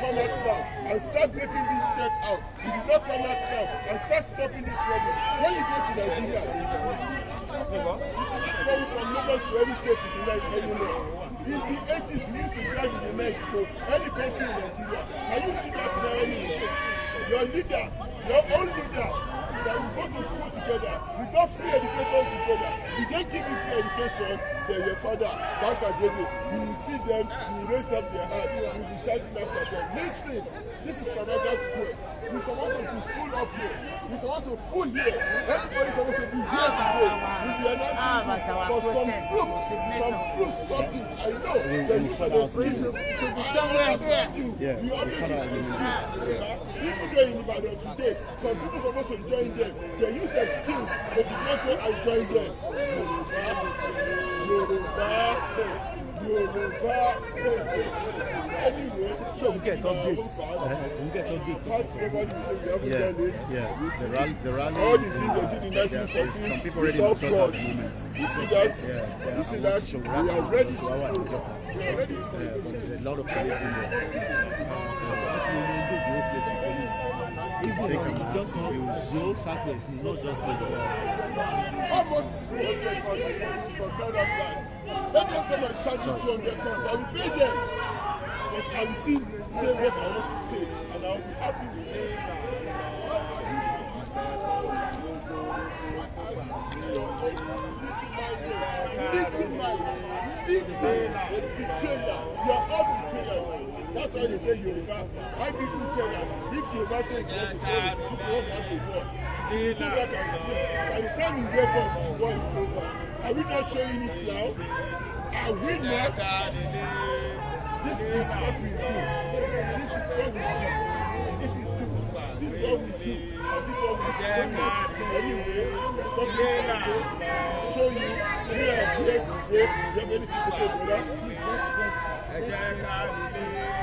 come out now and start breaking this threat out. You did not come out now and start stopping this problem. When you go to Nigeria, you can't come from Lagos to any state in the anymore. In the 80s, we used to drive in the night any country in Nigeria. Are you doing that now anymore? your leaders, your own leaders that we go to school together, we got free education together. If they give you free education, then your father, back at David, you will see them, you will raise up their hand, you will be shouting after them. Listen, this is Canada Square. We're supposed to be full up here. We're supposed to full here. Everybody supposed to be here today. We'll be announcing it, but some group, some group stopped it. I know Then you should have seen it. Should be somewhere here. You always should have seen it. Even though in Ibadan today, some people are supposed to join them. They use excuse. They did not say I joined them. Yorùbá, Yorùbá, Yorùbá. Anyway, so we get updates. Uh-huh. We get updates. Yeah, yeah. The rally, the rally. All the things they did in 1914. Some people already know about movement. You see that? Yeah. You see that? We are ready. We are ready. Yeah, but there's a lot of police in there even though it's just not Oyo Southwest it's not just Lagos. how much is two for kind of life let them come and charge you two i will pay them but i will still say what i want to say and i will be happy with it. Little my little my little my That's why they say Yoruba. Why people say that if Yoruba says you want to go, you don't want to go. You do that and sleep. By the time you wake up, the war is over. Are we not showing it now? Are we not? This is what we do. This is what we do. This is what we do. This is what we do. And this is what we do. Anyway, what we say, show you we are here today. Do you have anything to say to that? Please, let's go.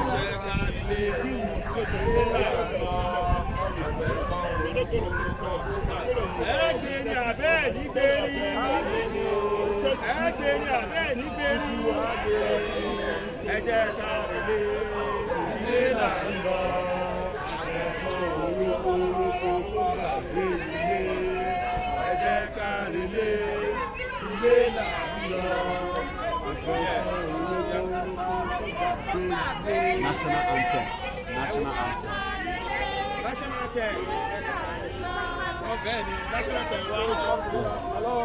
ẹgbẹ̀rin abẹ́ nígbẹ̀rin ẹgbẹ̀rin abẹ́ nígbẹ̀rin ẹ̀jẹ̀ ta. national anthem. National anthem. National anthem. Okay, national anthem. Hello.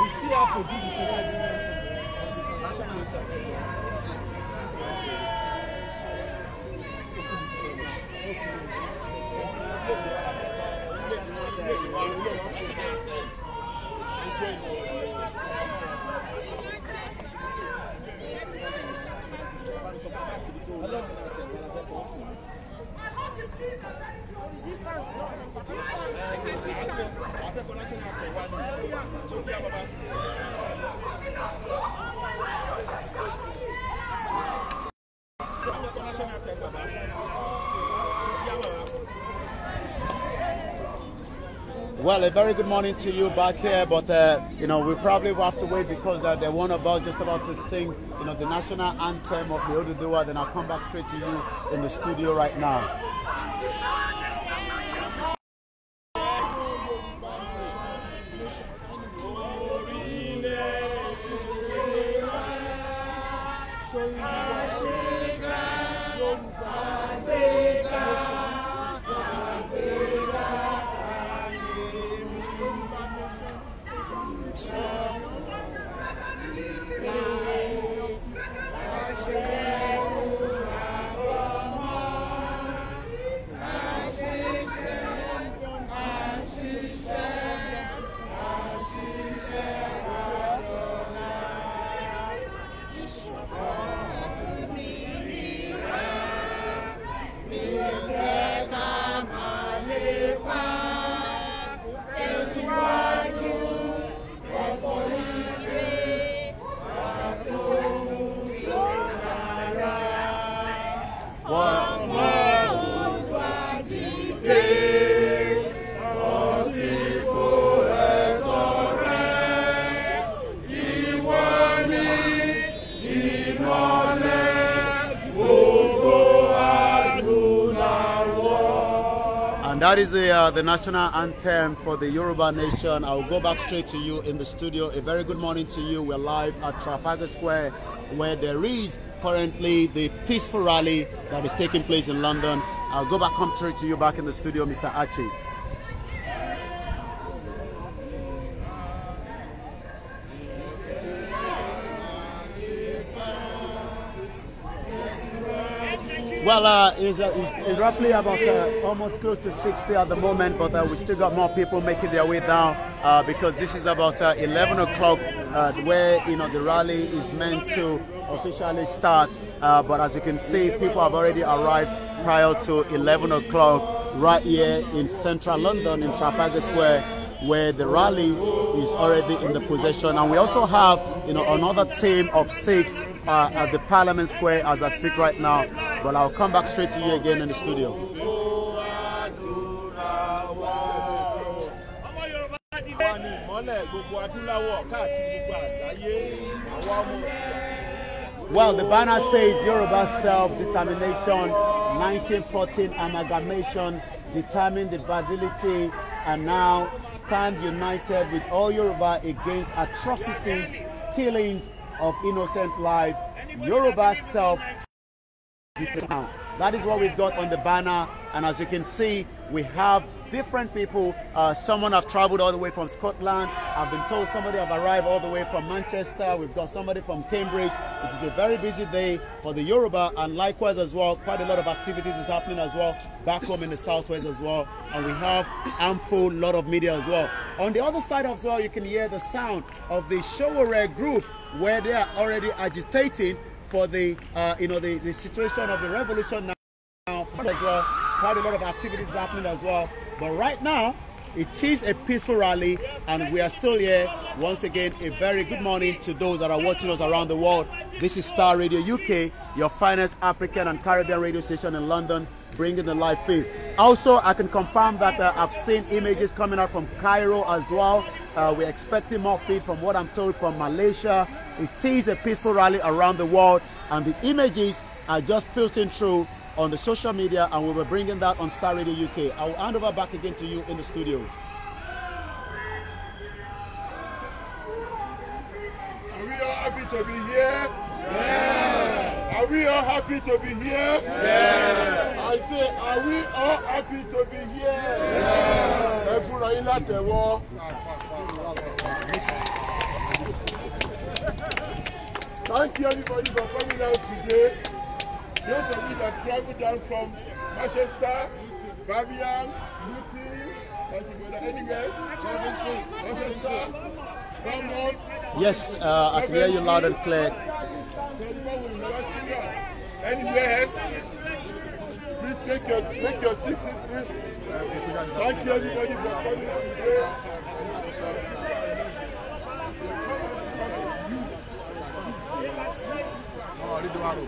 We still have to do the social distancing. National anthem. National anthem. sọ fún káàkiri tó wọ́n láti náà tẹ̀lé ara fẹ́ kọ́ Akẹ́kọ̀ọ́ national tẹ̀wá ni tó ti yá bàbá. Well, a very good morning to you back here, but uh, you know we probably will have to wait because uh, are one about just about to sing, you know, the national anthem of the Oduduwa. Then I'll come back straight to you in the studio right now. national anthem for the Yoruba nation. I'll go back straight to you in the studio. A very good morning to you. We're live at Trafalgar Square where there is currently the peaceful rally that is taking place in London. I'll go back home straight to you back in the studio, Mr. Archie. Well, uh, it's, uh, it's, it's, roughly about uh, almost close to 60 at the moment, but uh, we still got more people making their way down uh, because this is about 11 o'clock where you know the rally is meant to officially start. but as you can see, people have already arrived prior to 11 o'clock right here in central London in Trafalgar Square where the rally is already in the possession. And we also have you know, another team of six at the Parliament Square as I speak right now But I'll come back straight to you again in the studio. Well, the banner says Yoruba self-determination, 1914 amalgamation determine the validity and now stand united with all Yoruba against atrocities, killings of innocent life. Yoruba self That is what we've got on the banner and as you can see we have different people. Uh, someone have traveled all the way from Scotland. I've been told somebody have arrived all the way from Manchester. We've got somebody from Cambridge. It is a very busy day for the Yoruba and likewise as well quite a lot of activities is happening as well back home in the southwest as well and we have ample lot of media as well. On the other side as well you can hear the sound of the Showore group where they are already agitating for the uh, you know the, the situation of the revolution now as well. Quite a lot of activities happening as well. But right now, it is a peaceful rally, and we are still here. Once again, a very good morning to those that are watching us around the world. This is Star Radio UK, your finest African and Caribbean radio station in London, bringing the live feed. Also, I can confirm that uh, I've seen images coming out from Cairo as well. Uh, we're expecting more feed from what I'm told from Malaysia. It is a peaceful rally around the world, and the images are just filtering through on the social media, and we will be bringing that on Star Radio UK. I will hand over back again to you in the studio. Are we all happy to be here? Yes. Are we all happy to be here? Yes. I say, are we all happy to be here? Yeah. Thank you everybody for coming out today. Those of you that traveled down from Manchester, Birmingham, Luton, thank you brother. Anywhere, Manchester, Bournemouth. Yes, uh, I can hear you loud and clear. So else, please take your, take your seats, please. Thank you everybody for coming out today. Well,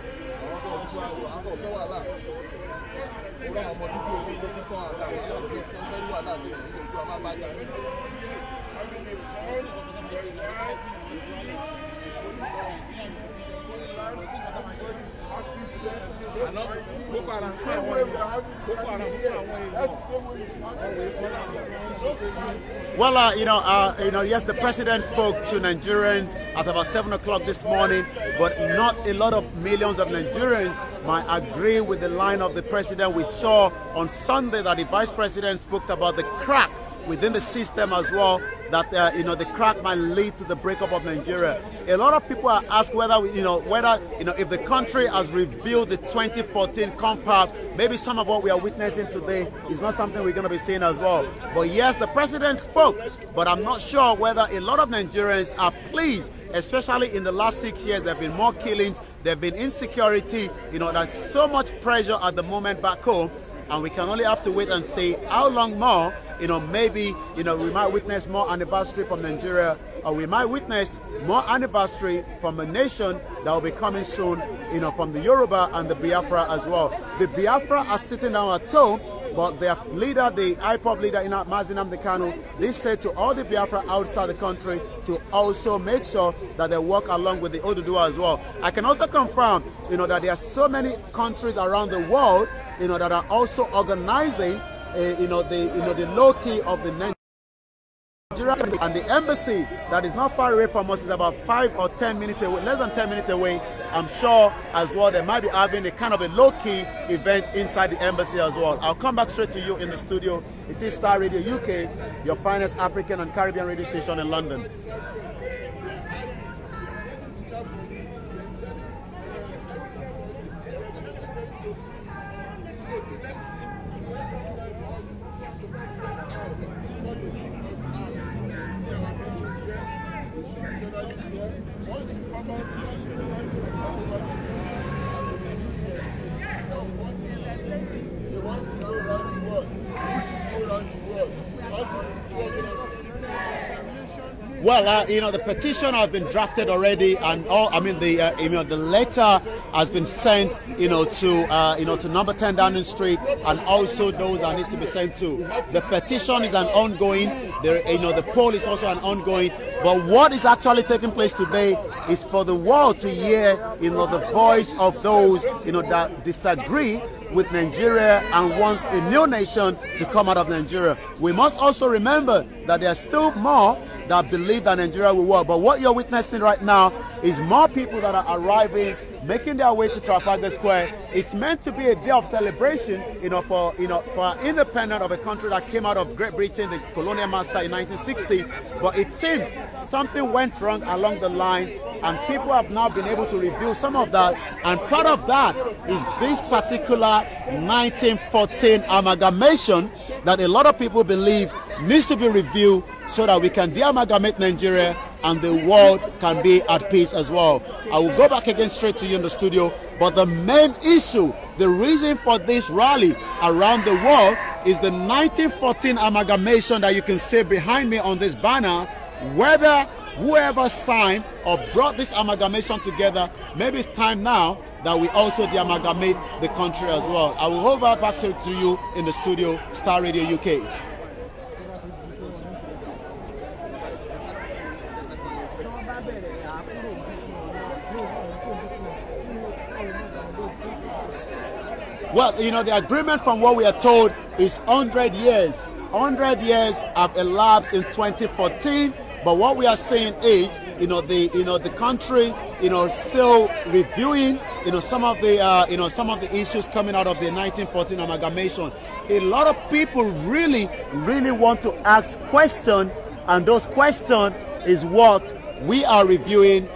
uh, you know, uh, you know, yes, the president spoke to Nigerians at about 7 o'clock this morning but not a lot of millions of Nigerians might agree with the line of the president. We saw on Sunday that the vice president spoke about the crack within the system as well that uh, you know the crack might lead to the breakup of Nigeria. A lot of people are asked whether you know whether you know if the country has revealed the 2014 compact, maybe some of what we are witnessing today is not something we're going to be seeing as well. But yes, the president spoke, but I'm not sure whether a lot of Nigerians are pleased especially in the last six years, there have been more killings, there have been insecurity, you know, there's so much pressure at the moment back home, and we can only have to wait and see how long more you know, maybe, you know, we might witness more anniversary from Nigeria or we might witness more anniversary from a nation that will be coming soon, you know, from the Yoruba and the Biafra as well. The Biafra are sitting down at home, but their leader, the IPOP leader, in Mazinam Dekano, they said to all the Biafra outside the country to also make sure that they work along with the Oduduwa as well. I can also confirm, you know, that there are so many countries around the world, you know, that are also organizing uh, you know, the, you know, the low key of the Nigeria and the embassy that is not far away from us is about five or ten minutes away, less than ten minutes away. I'm sure as well they might be having a kind of a low-key event inside the embassy as well. I'll come back straight to you in the studio. It is Star Radio UK, your finest African and Caribbean radio station in London. Well, uh, you know, the petition has been drafted already, and all. I mean, the uh, you know the letter has been sent, you know, to uh, you know to number 10 Downing Street, and also those that needs to be sent to. The petition is an ongoing. The you know the poll is also an ongoing. But what is actually taking place today is for the world to hear, you know, the voice of those you know that disagree with Nigeria and wants a new nation to come out of Nigeria. We must also remember that there are still more that believe that Nigeria will work. But what you're witnessing right now is more people that are arriving making their way to Trafalgar Square. It's meant to be a day of celebration, you know, for you know for independent of a country that came out of Great Britain, the colonial master in 1960. But it seems something went wrong along the line, and people have now been able to reveal some of that. And part of that is this particular 1914 amalgamation that a lot of people believe needs to be reviewed so that we can de-amalgamate Nigeria and the world can be at peace as well. I will go back again straight to you in the studio, but the main issue, the reason for this rally around the world is the 1914 amalgamation that you can see behind me on this banner, whether whoever signed or brought this amalgamation together, maybe it's time now that we also de-amalgamate the country as well. I will over back to you in the studio, Star Radio UK. Well, you know, the agreement from what we are told is 100 years. 100 years have elapsed in 2014, but what we are seeing is, you know, the you know the country, you know, still reviewing, you know, some of the uh, you know some of the issues coming out of the 1914 amalgamation. A lot of people really, really want to ask questions, and those questions is what we are reviewing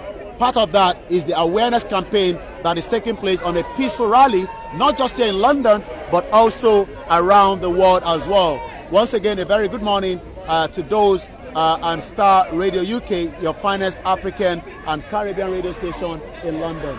Part of that is the awareness campaign that is taking place on a peaceful rally, not just here in London, but also around the world as well. Once again, a very good morning uh, to those uh, and Star Radio UK, your finest African and Caribbean radio station in London.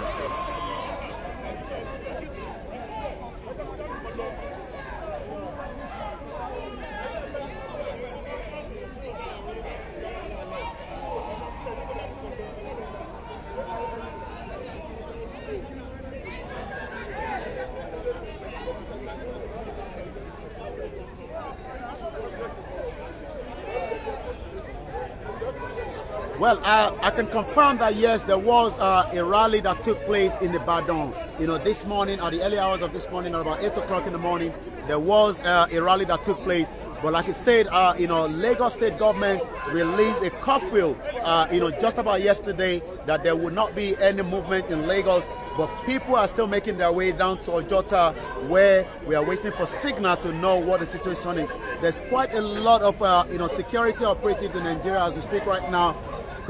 Well, I can confirm that yes, there was uh, a rally that took place in the Badon. You know, this morning, at the early hours of this morning, at about 8 o'clock in the morning, there was uh, a rally that took place. But like I said, uh, you know, Lagos state government released a curfew, uh, you know, just about yesterday that there would not be any movement in Lagos. But people are still making their way down to Ojota where we are waiting for signal to know what the situation is. There's quite a lot of, uh, you know, security operatives in Nigeria as we speak right now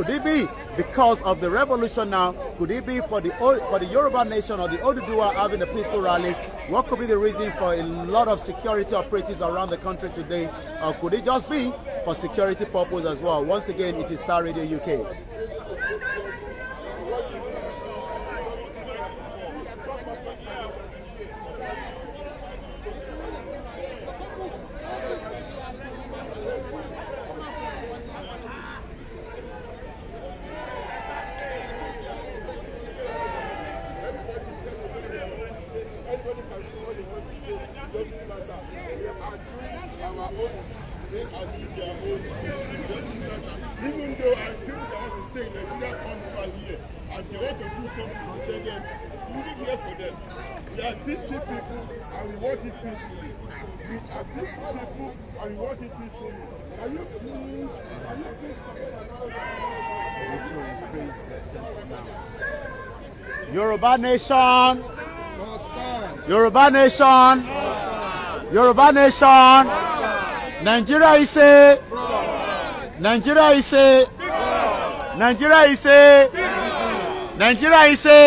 could it be because of the revolution now? Could it be for the for the Yoruba nation or the Odudua having a peaceful rally? What could be the reason for a lot of security operatives around the country today? Or could it just be for security purposes as well? Once again, it is Star Radio UK. Nation. Yoruba Nation. Yoruba Nation. Nigeria is a. Nigeria is a. Nigeria is a. Nigeria is a.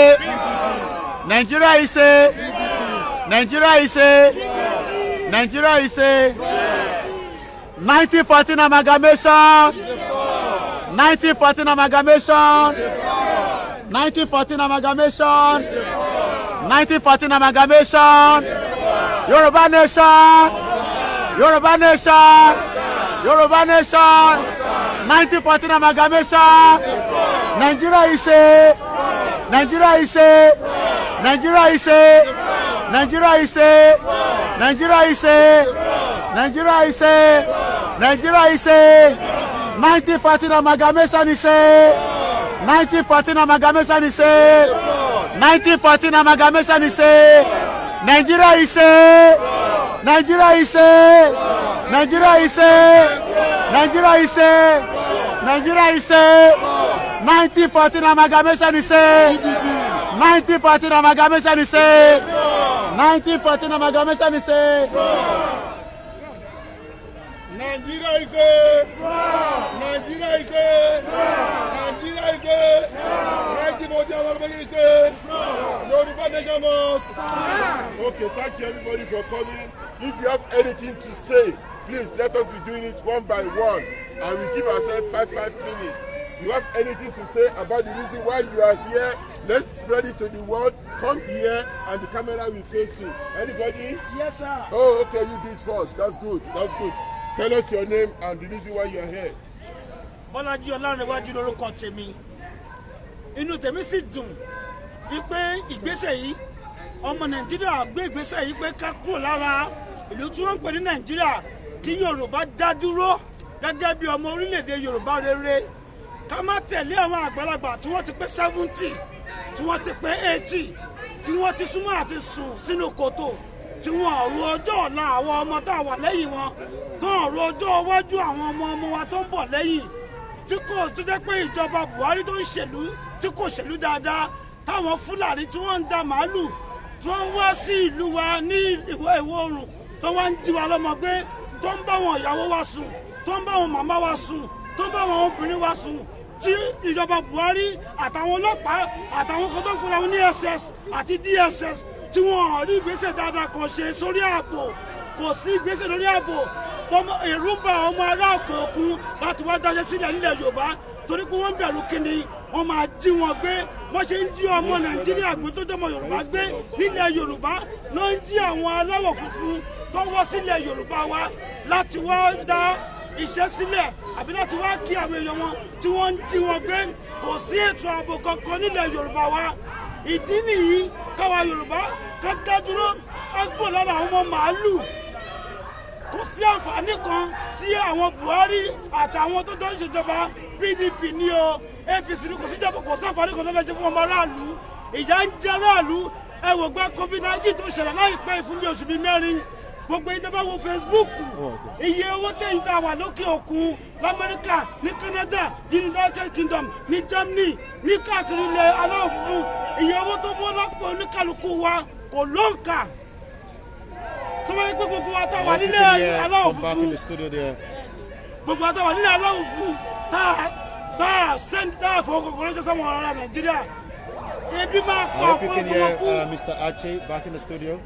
Nigeria is a. Nigeria is a. Nigeria is a. 1914 amalgamation. 1914 amalgamation. 1914 amalgamation 1914 amalgamation Yorùbá nation Yorùbá nation Yorùbá nation 1914 amalgamation Nigeria is a Nigeria is a Nigeria is a Nigeria is a Nigeria is a Nigeria is a Nigeria is a 1914 amalgamation is a. 1914 amalgamation is a 1914 amalgamation is a Nigeria is a Nigeria is a Nigeria is a Nigeria is a Nigeria is a 1914 amalgamation is a 1914 amalgamation is a 1914 amalgamation is a Nigeria is a fraud. Nigeria is a fraud. Nigeria is a fraud. Nigeria is a fraud. Yoruba nation must Okay, thank you everybody for coming. If you have anything to say, please let us be doing it one by one, and we give ourselves five five minutes. If you have anything to say about the reason why you are here, let's spread it to the world. Come here and the camera will face you. Anybody? Yes, sir. Oh, okay, you did first. That's good. That's good. Tell us your name and the reason why you are here. Bọ́lájí Ọlárẹ̀wájú lórúkọ tèmi. Inú tèmi sì dùn wípé ìgbésẹ̀ yìí ọmọ Nàìjíríà gbé ìgbésẹ̀ yìí pé ká kúrò lára ìlú tí wọ́n ń pè ní Nàìjíríà kí Yorùbá dá dúró gẹ́gẹ́ bí ọmọ orílẹ̀-èdè Yorùbá rere ká má tẹ̀lé àwọn àgbàlagbà tí wọ́n ti pé seventy tí wọ́n ti pé eighty tí wọ́n ti súnmọ́ àti sùn sínú kòtò tí wọn ò ọjọ́ ọ̀la àwọn ọmọ tá wà lẹ́yìn wọn tán ò ọjọ́ iwájú àwọn ọmọ ọmọ wa tó ń bọ̀ lẹ́yìn tí kò tó jẹ́ pé ìjọba Buhari tó ń ṣèlú tí kò ṣèlú dáadáa táwọn Fúlàní tí wọ́n ń da màálù tí wọ́n wá sí ìlú wa ní ìwọ̀ ìwọ̀ oòrùn tó wá ń jí wa lọ́mọ gbé tó ń bá wọn ìyàwó wa sùn tó ń bá wọn màmá wa sùn tó ń bá wọn obìnrin wa sùn tí ìjọba Buhari àtàwọn ọlọ́pàá àtàwọn kan ní SS àti DSS tí wọ́n rí ìgbésẹ̀ dáadáa kan ṣe sórí ààbò kò sí ìgbésẹ̀ lórí ààbò èrú ń bá ọmọ ará ọkọ̀ òkun láti wá dáṣẹ́ sílẹ̀ nílẹ̀ Yorùbá torí pé wọ́n ń bẹ̀rù kíni wọ́n máa jí wọn gbé wọ́n ṣe ń jí ọmọ Nàìjíríà gbé tó jọmọ Yorùbá gbé nílẹ̀ Yorùbá ló ń jí àwọn aláwọ̀ funfun tó wọ́ sílẹ̀ Yorùbá wa láti wá dá iṣẹ́ sílẹ̀ àbí láti wá kí àwọn èèyàn wọn tí wọ́n ń jí wọn gbé kò sí ètò ààbò kankan nílẹ̀ Yorùbá wa ìdí nìyí káwa yorùbá ká dádúró ká gbò lára àwọn ọmọ màálù kò sí àǹfààní kan tí àwọn buhari àtàwọn tó tó ń ṣèjọba pdp ní o apc ní kò sí ìjọba kò sí àǹfààní kan tó fẹ́ ṣe fún ọmọ aráàlú ìyà ń jẹ aráàlú ẹ wò gba covid nineteen tó ṣẹlẹ̀ láìpẹ́ fún bí oṣù bíi mẹ́rin gbogbo yín tó bá wo Facebook iye owó tẹ̀yìn tá a wà lókè òkun lamẹ́ríkà ní Canada United Kingdom ní Germany ní káàkiri ilẹ̀ aláwọ̀ iye owó tó bọ́ lápò oníkàlùkù wa kò ló ń kà pé gbogbo wa tá wà nílẹ̀ aláwọ̀ gbogbo wa tá wà nílẹ̀ aláwọ̀ tá a tá a sẹ́ńdí tá a fọwọ́ kọ̀ọ̀kan ránṣẹ́ sáwọn ará Nàìjíríà ebi máa pa ọ̀pọ̀ ọ̀pọ̀ Mr. Ache back in the studio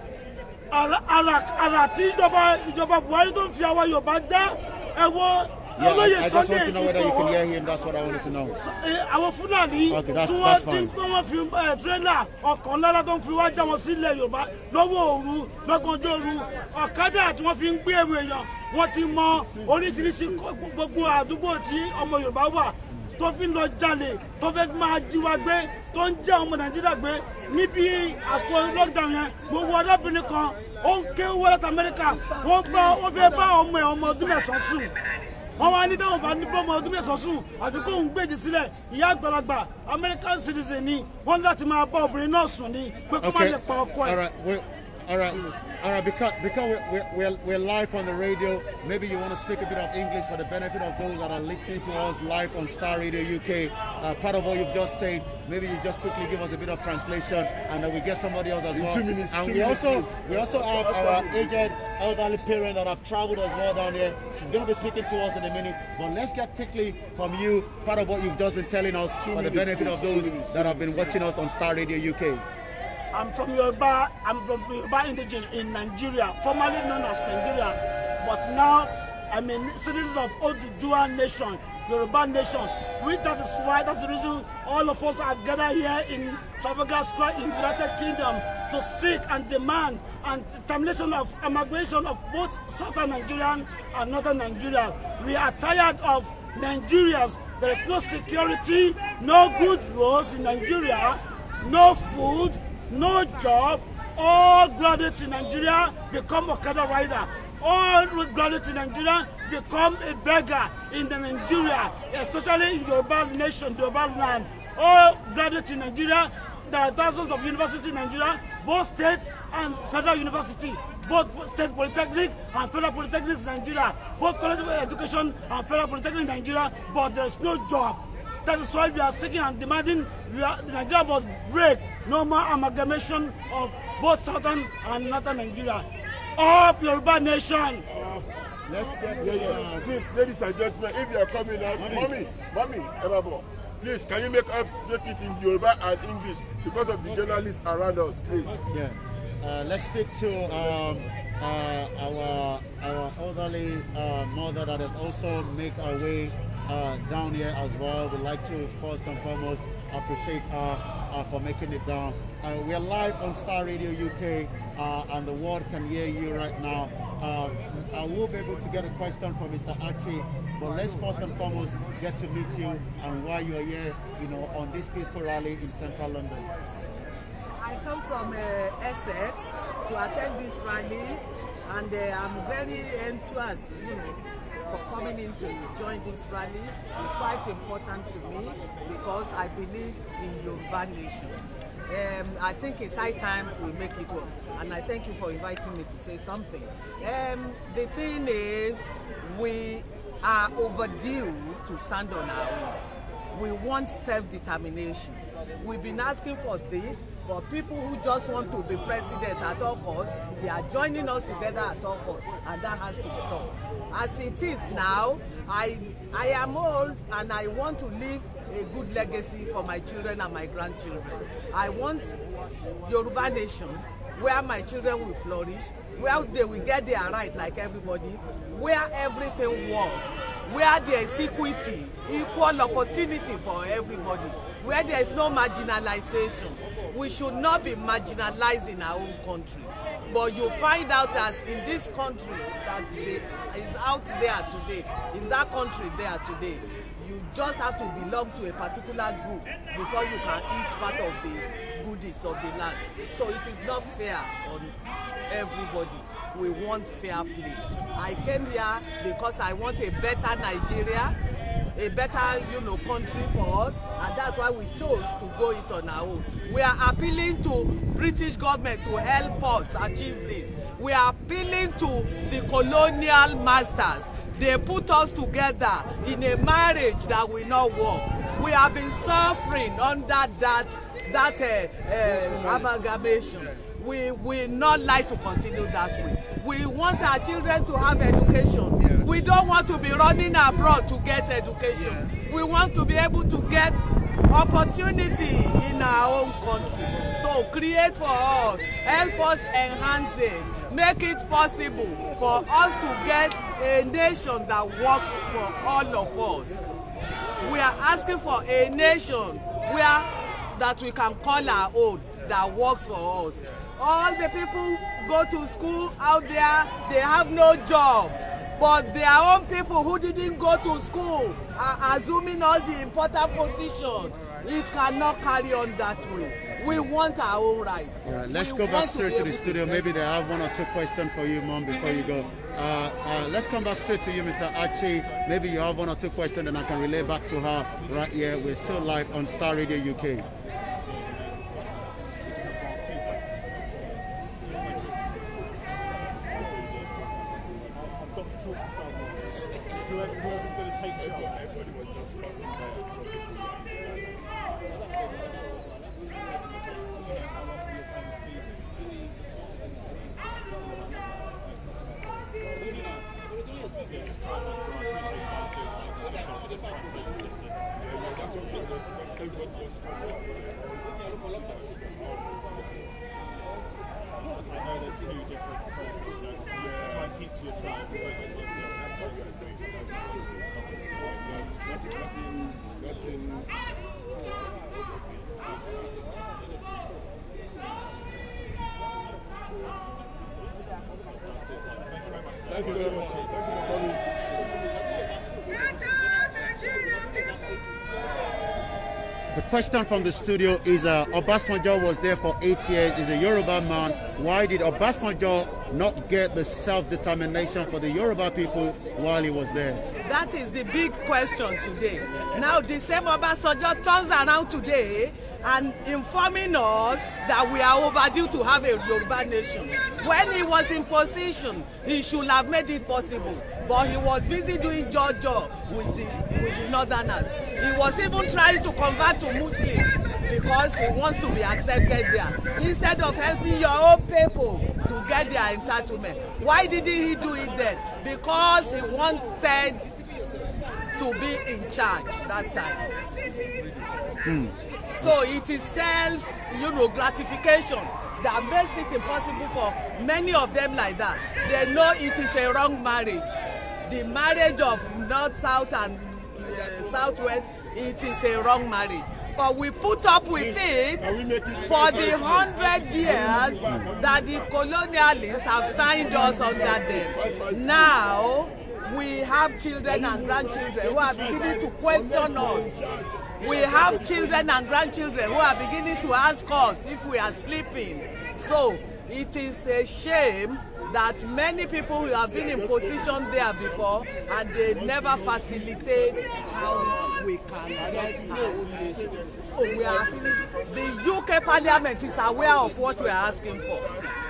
àrà tí ìjọba ìjọba Buhari tó ń fi àwa Yorùbá dá ẹ wo Yeah, I, I just want to know whether you can hear him. That's what I wanted to know. Eh, àwọn Fúlàní okay, that's, fine. tí wọ́n fi tírélà ọ̀kan lára tó ń fi wá já wọn sílẹ̀ Yorùbá lọ́wọ́ òru lọ́gànjọ́ òru ọ̀kadà tí wọ́n fi ń gbé èrò èèyàn wọ́n ti mọ oríṣiríṣi gbogbo àdúgbò tí ọmọ Yorùbá wà tó fi ń lọ jalè tó fẹ́ fi máa jí gbé tó ń jẹ́ ọmọ nàìjíríà gbé níbi àsìkò lockdown yẹn gbogbo ọlọ́bìnrin kan ó ń ké wọ́n láti amẹ́ríkà wọ́n gbọ́ ó fẹ́ bá ọmọ ẹ̀ ọmọ ọdún mẹ́sàn-án sùn wọ́n wá ní táwọn bá ní bọ́mọ ọdún mẹ́sàn-án sùn àbí kóun gbèjì sílẹ̀ ìyá àgbàlagbà American citizen ni wọ́n láti máa bá obìnrin náà sùn ni pé kó má lè pa ọkọ ẹ̀. All right, all right. Because because we're, we're, we're live on the radio, maybe you want to speak a bit of English for the benefit of those that are listening to us live on Star Radio UK. Uh, part of what you've just said, maybe you just quickly give us a bit of translation, and then we get somebody else as In well. Two minutes. And two we minutes, also please. we also have our aged elderly parent that have traveled as well down here. She's going to be speaking to us in a minute, but let's get quickly from you part of what you've just been telling us two for minutes, the benefit please, of those minutes, that have been watching us on Star Radio UK. I'm from Yoruba. I'm from Yoruba indigen in Nigeria, formerly known as Nigeria, but now I'm a citizen of Oduduwa Nation, Yoruba Nation. Which that is why that's the reason all of us are gathered here in Trafalgar Square in United Kingdom to seek and demand and determination of emigration of both Southern Nigerian and Northern Nigeria. We are tired of Nigerians. There is no security, no good roads in Nigeria, no food, no job, all graduates in Nigeria become Okada rider. All graduates in Nigeria become a beggar in the Nigeria, especially in Yoruba nation, Yoruba land. All graduates in Nigeria, there are thousands of universities in Nigeria, both state and federal university, both state polytechnic and federal polytechnic in Nigeria, both college education and federal polytechnic in Nigeria, but there's no job. That is why we are seeking and demanding are, Nigeria must break no more amalgamation of both southern and northern Nigeria. All Yoruba nation. Uh, let's get yeah, uh, yeah. please, ladies and gentlemen, if you are coming now, mommy, mommy, Ebabo, please, can you make up it in Yoruba and English because of the okay. journalists around us, please? Yeah. Uh, let's speak to um, uh, our our elderly uh, mother that is also make her way uh, down here as well. We'd like to first and foremost appreciate her uh, uh, for making it down. Uh, we're live on Star Radio UK and the world can hear you right now. I will be able to get a question from Mr. Archie, but let's first and foremost get to meet you and why you are here, you know, on this peaceful rally in central London. I come from uh, Essex to attend this rally and uh, I'm very enthused, you know, for coming in to join this rally is quite important to me because I believe in Yoruba nation. Um, I think it's high time we make it work. And I thank you for inviting me to say something. Um, the thing is, we are overdue to stand on our own we want self-determination we've been asking for this but people who just want to be president at all costs they are joining us together at all costs and that has to stop as it is now i i am old and i want to leave a good legacy for my children and my grandchildren i want yoruba nation where my children will flourish where they will get their right like everybody where everything works where there is equity equal opportunity for everybody where there is no marginalization we should not be marginalized in our own country but you find out that in this country that is out there today in that country there today you just have to belong to a particular group before you can eat part of the goodies of the land so it is not fair on everybody we want fair play. I came here because I want a better Nigeria, a better you know country for us, and that's why we chose to go it on our own. We are appealing to British government to help us achieve this. We are appealing to the colonial masters. They put us together in a marriage that will not work. We have been suffering under that that uh, uh, amalgamation we will not like to continue that way. We want our children to have education. Yes. We don't want to be running abroad to get education. Yes. We want to be able to get opportunity in our own country. So create for us, help us enhance it, make it possible for us to get a nation that works for all of us. We are asking for a nation where that we can call our own that works for us all the people go to school out there, they have no job. But their own people who didn't go to school are assuming all the important positions. It cannot carry on that way. We want our own right. All right let's we go back straight to, to the studio. Maybe they have one or two questions for you, Mom, before you go. Uh, uh, let's come back straight to you, Mr. Archie. Maybe you have one or two questions and I can relay back to her right here. We're still live on Star Radio UK. Thank you very much. The question from the studio is uh, Obasanjo was there for eight years, is a Yoruba man. Why did Obasanjo not get the self determination for the Yoruba people while he was there? That is the big question today. Now, the same Obasanjo turns around today and informing us that we are overdue to have a Yoruba nation. When he was in position, he should have made it possible. But he was busy doing Georgia with the, with the northerners. He was even trying to convert to Muslim because he wants to be accepted there. Instead of helping your own people to get their entitlement. Why didn't he do it then? Because he wanted to be in charge that time. Mm. So it is self, you know, gratification that makes it impossible for many of them like that. They know it is a wrong marriage. The marriage of North, South and uh, Southwest, it is a wrong marriage. But we put up with it for the hundred years that the colonialists have signed us under them. Now, we have children and grandchildren who are beginning to question us we have children and grandchildren who are beginning to ask us if we are sleeping. So it is a shame that many people who have been in position there before and they never facilitate how we can get our own So we are the UK Parliament is aware of what we are asking for.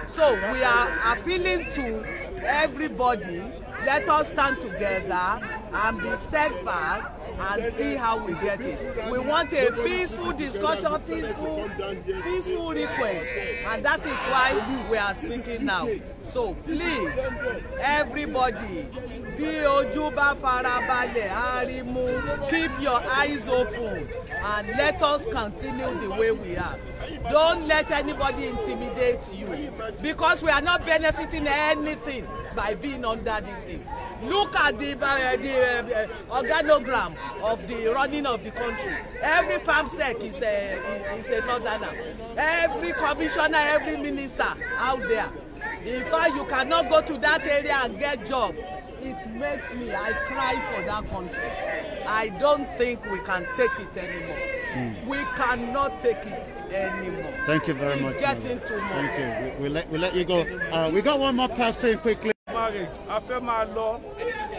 So we are appealing to everybody, let us stand together and be steadfast and see how we get it. We want a peaceful discussion, peaceful, peaceful request, and that is why we are speaking now. So please, everybody, be ojú bá farabalẹ̀ arimu keep your eyes open and let us continue the way we are don't let anybody intimidate you because we are not benefiting anything by being under this thing look at the uh, the uh, uh organogram of the running of the country every palmsec is a uh, is a northerner every commissioner every minister out there in fact you cannot go to that area and get job it makes me i cry for that country i don't think we can take it anymore mm. we cannot take it anymore thank you very it's much it's getting too much thank you we, we, let, we let you go uh, we got one more person quickly marriage afẹ́ my law.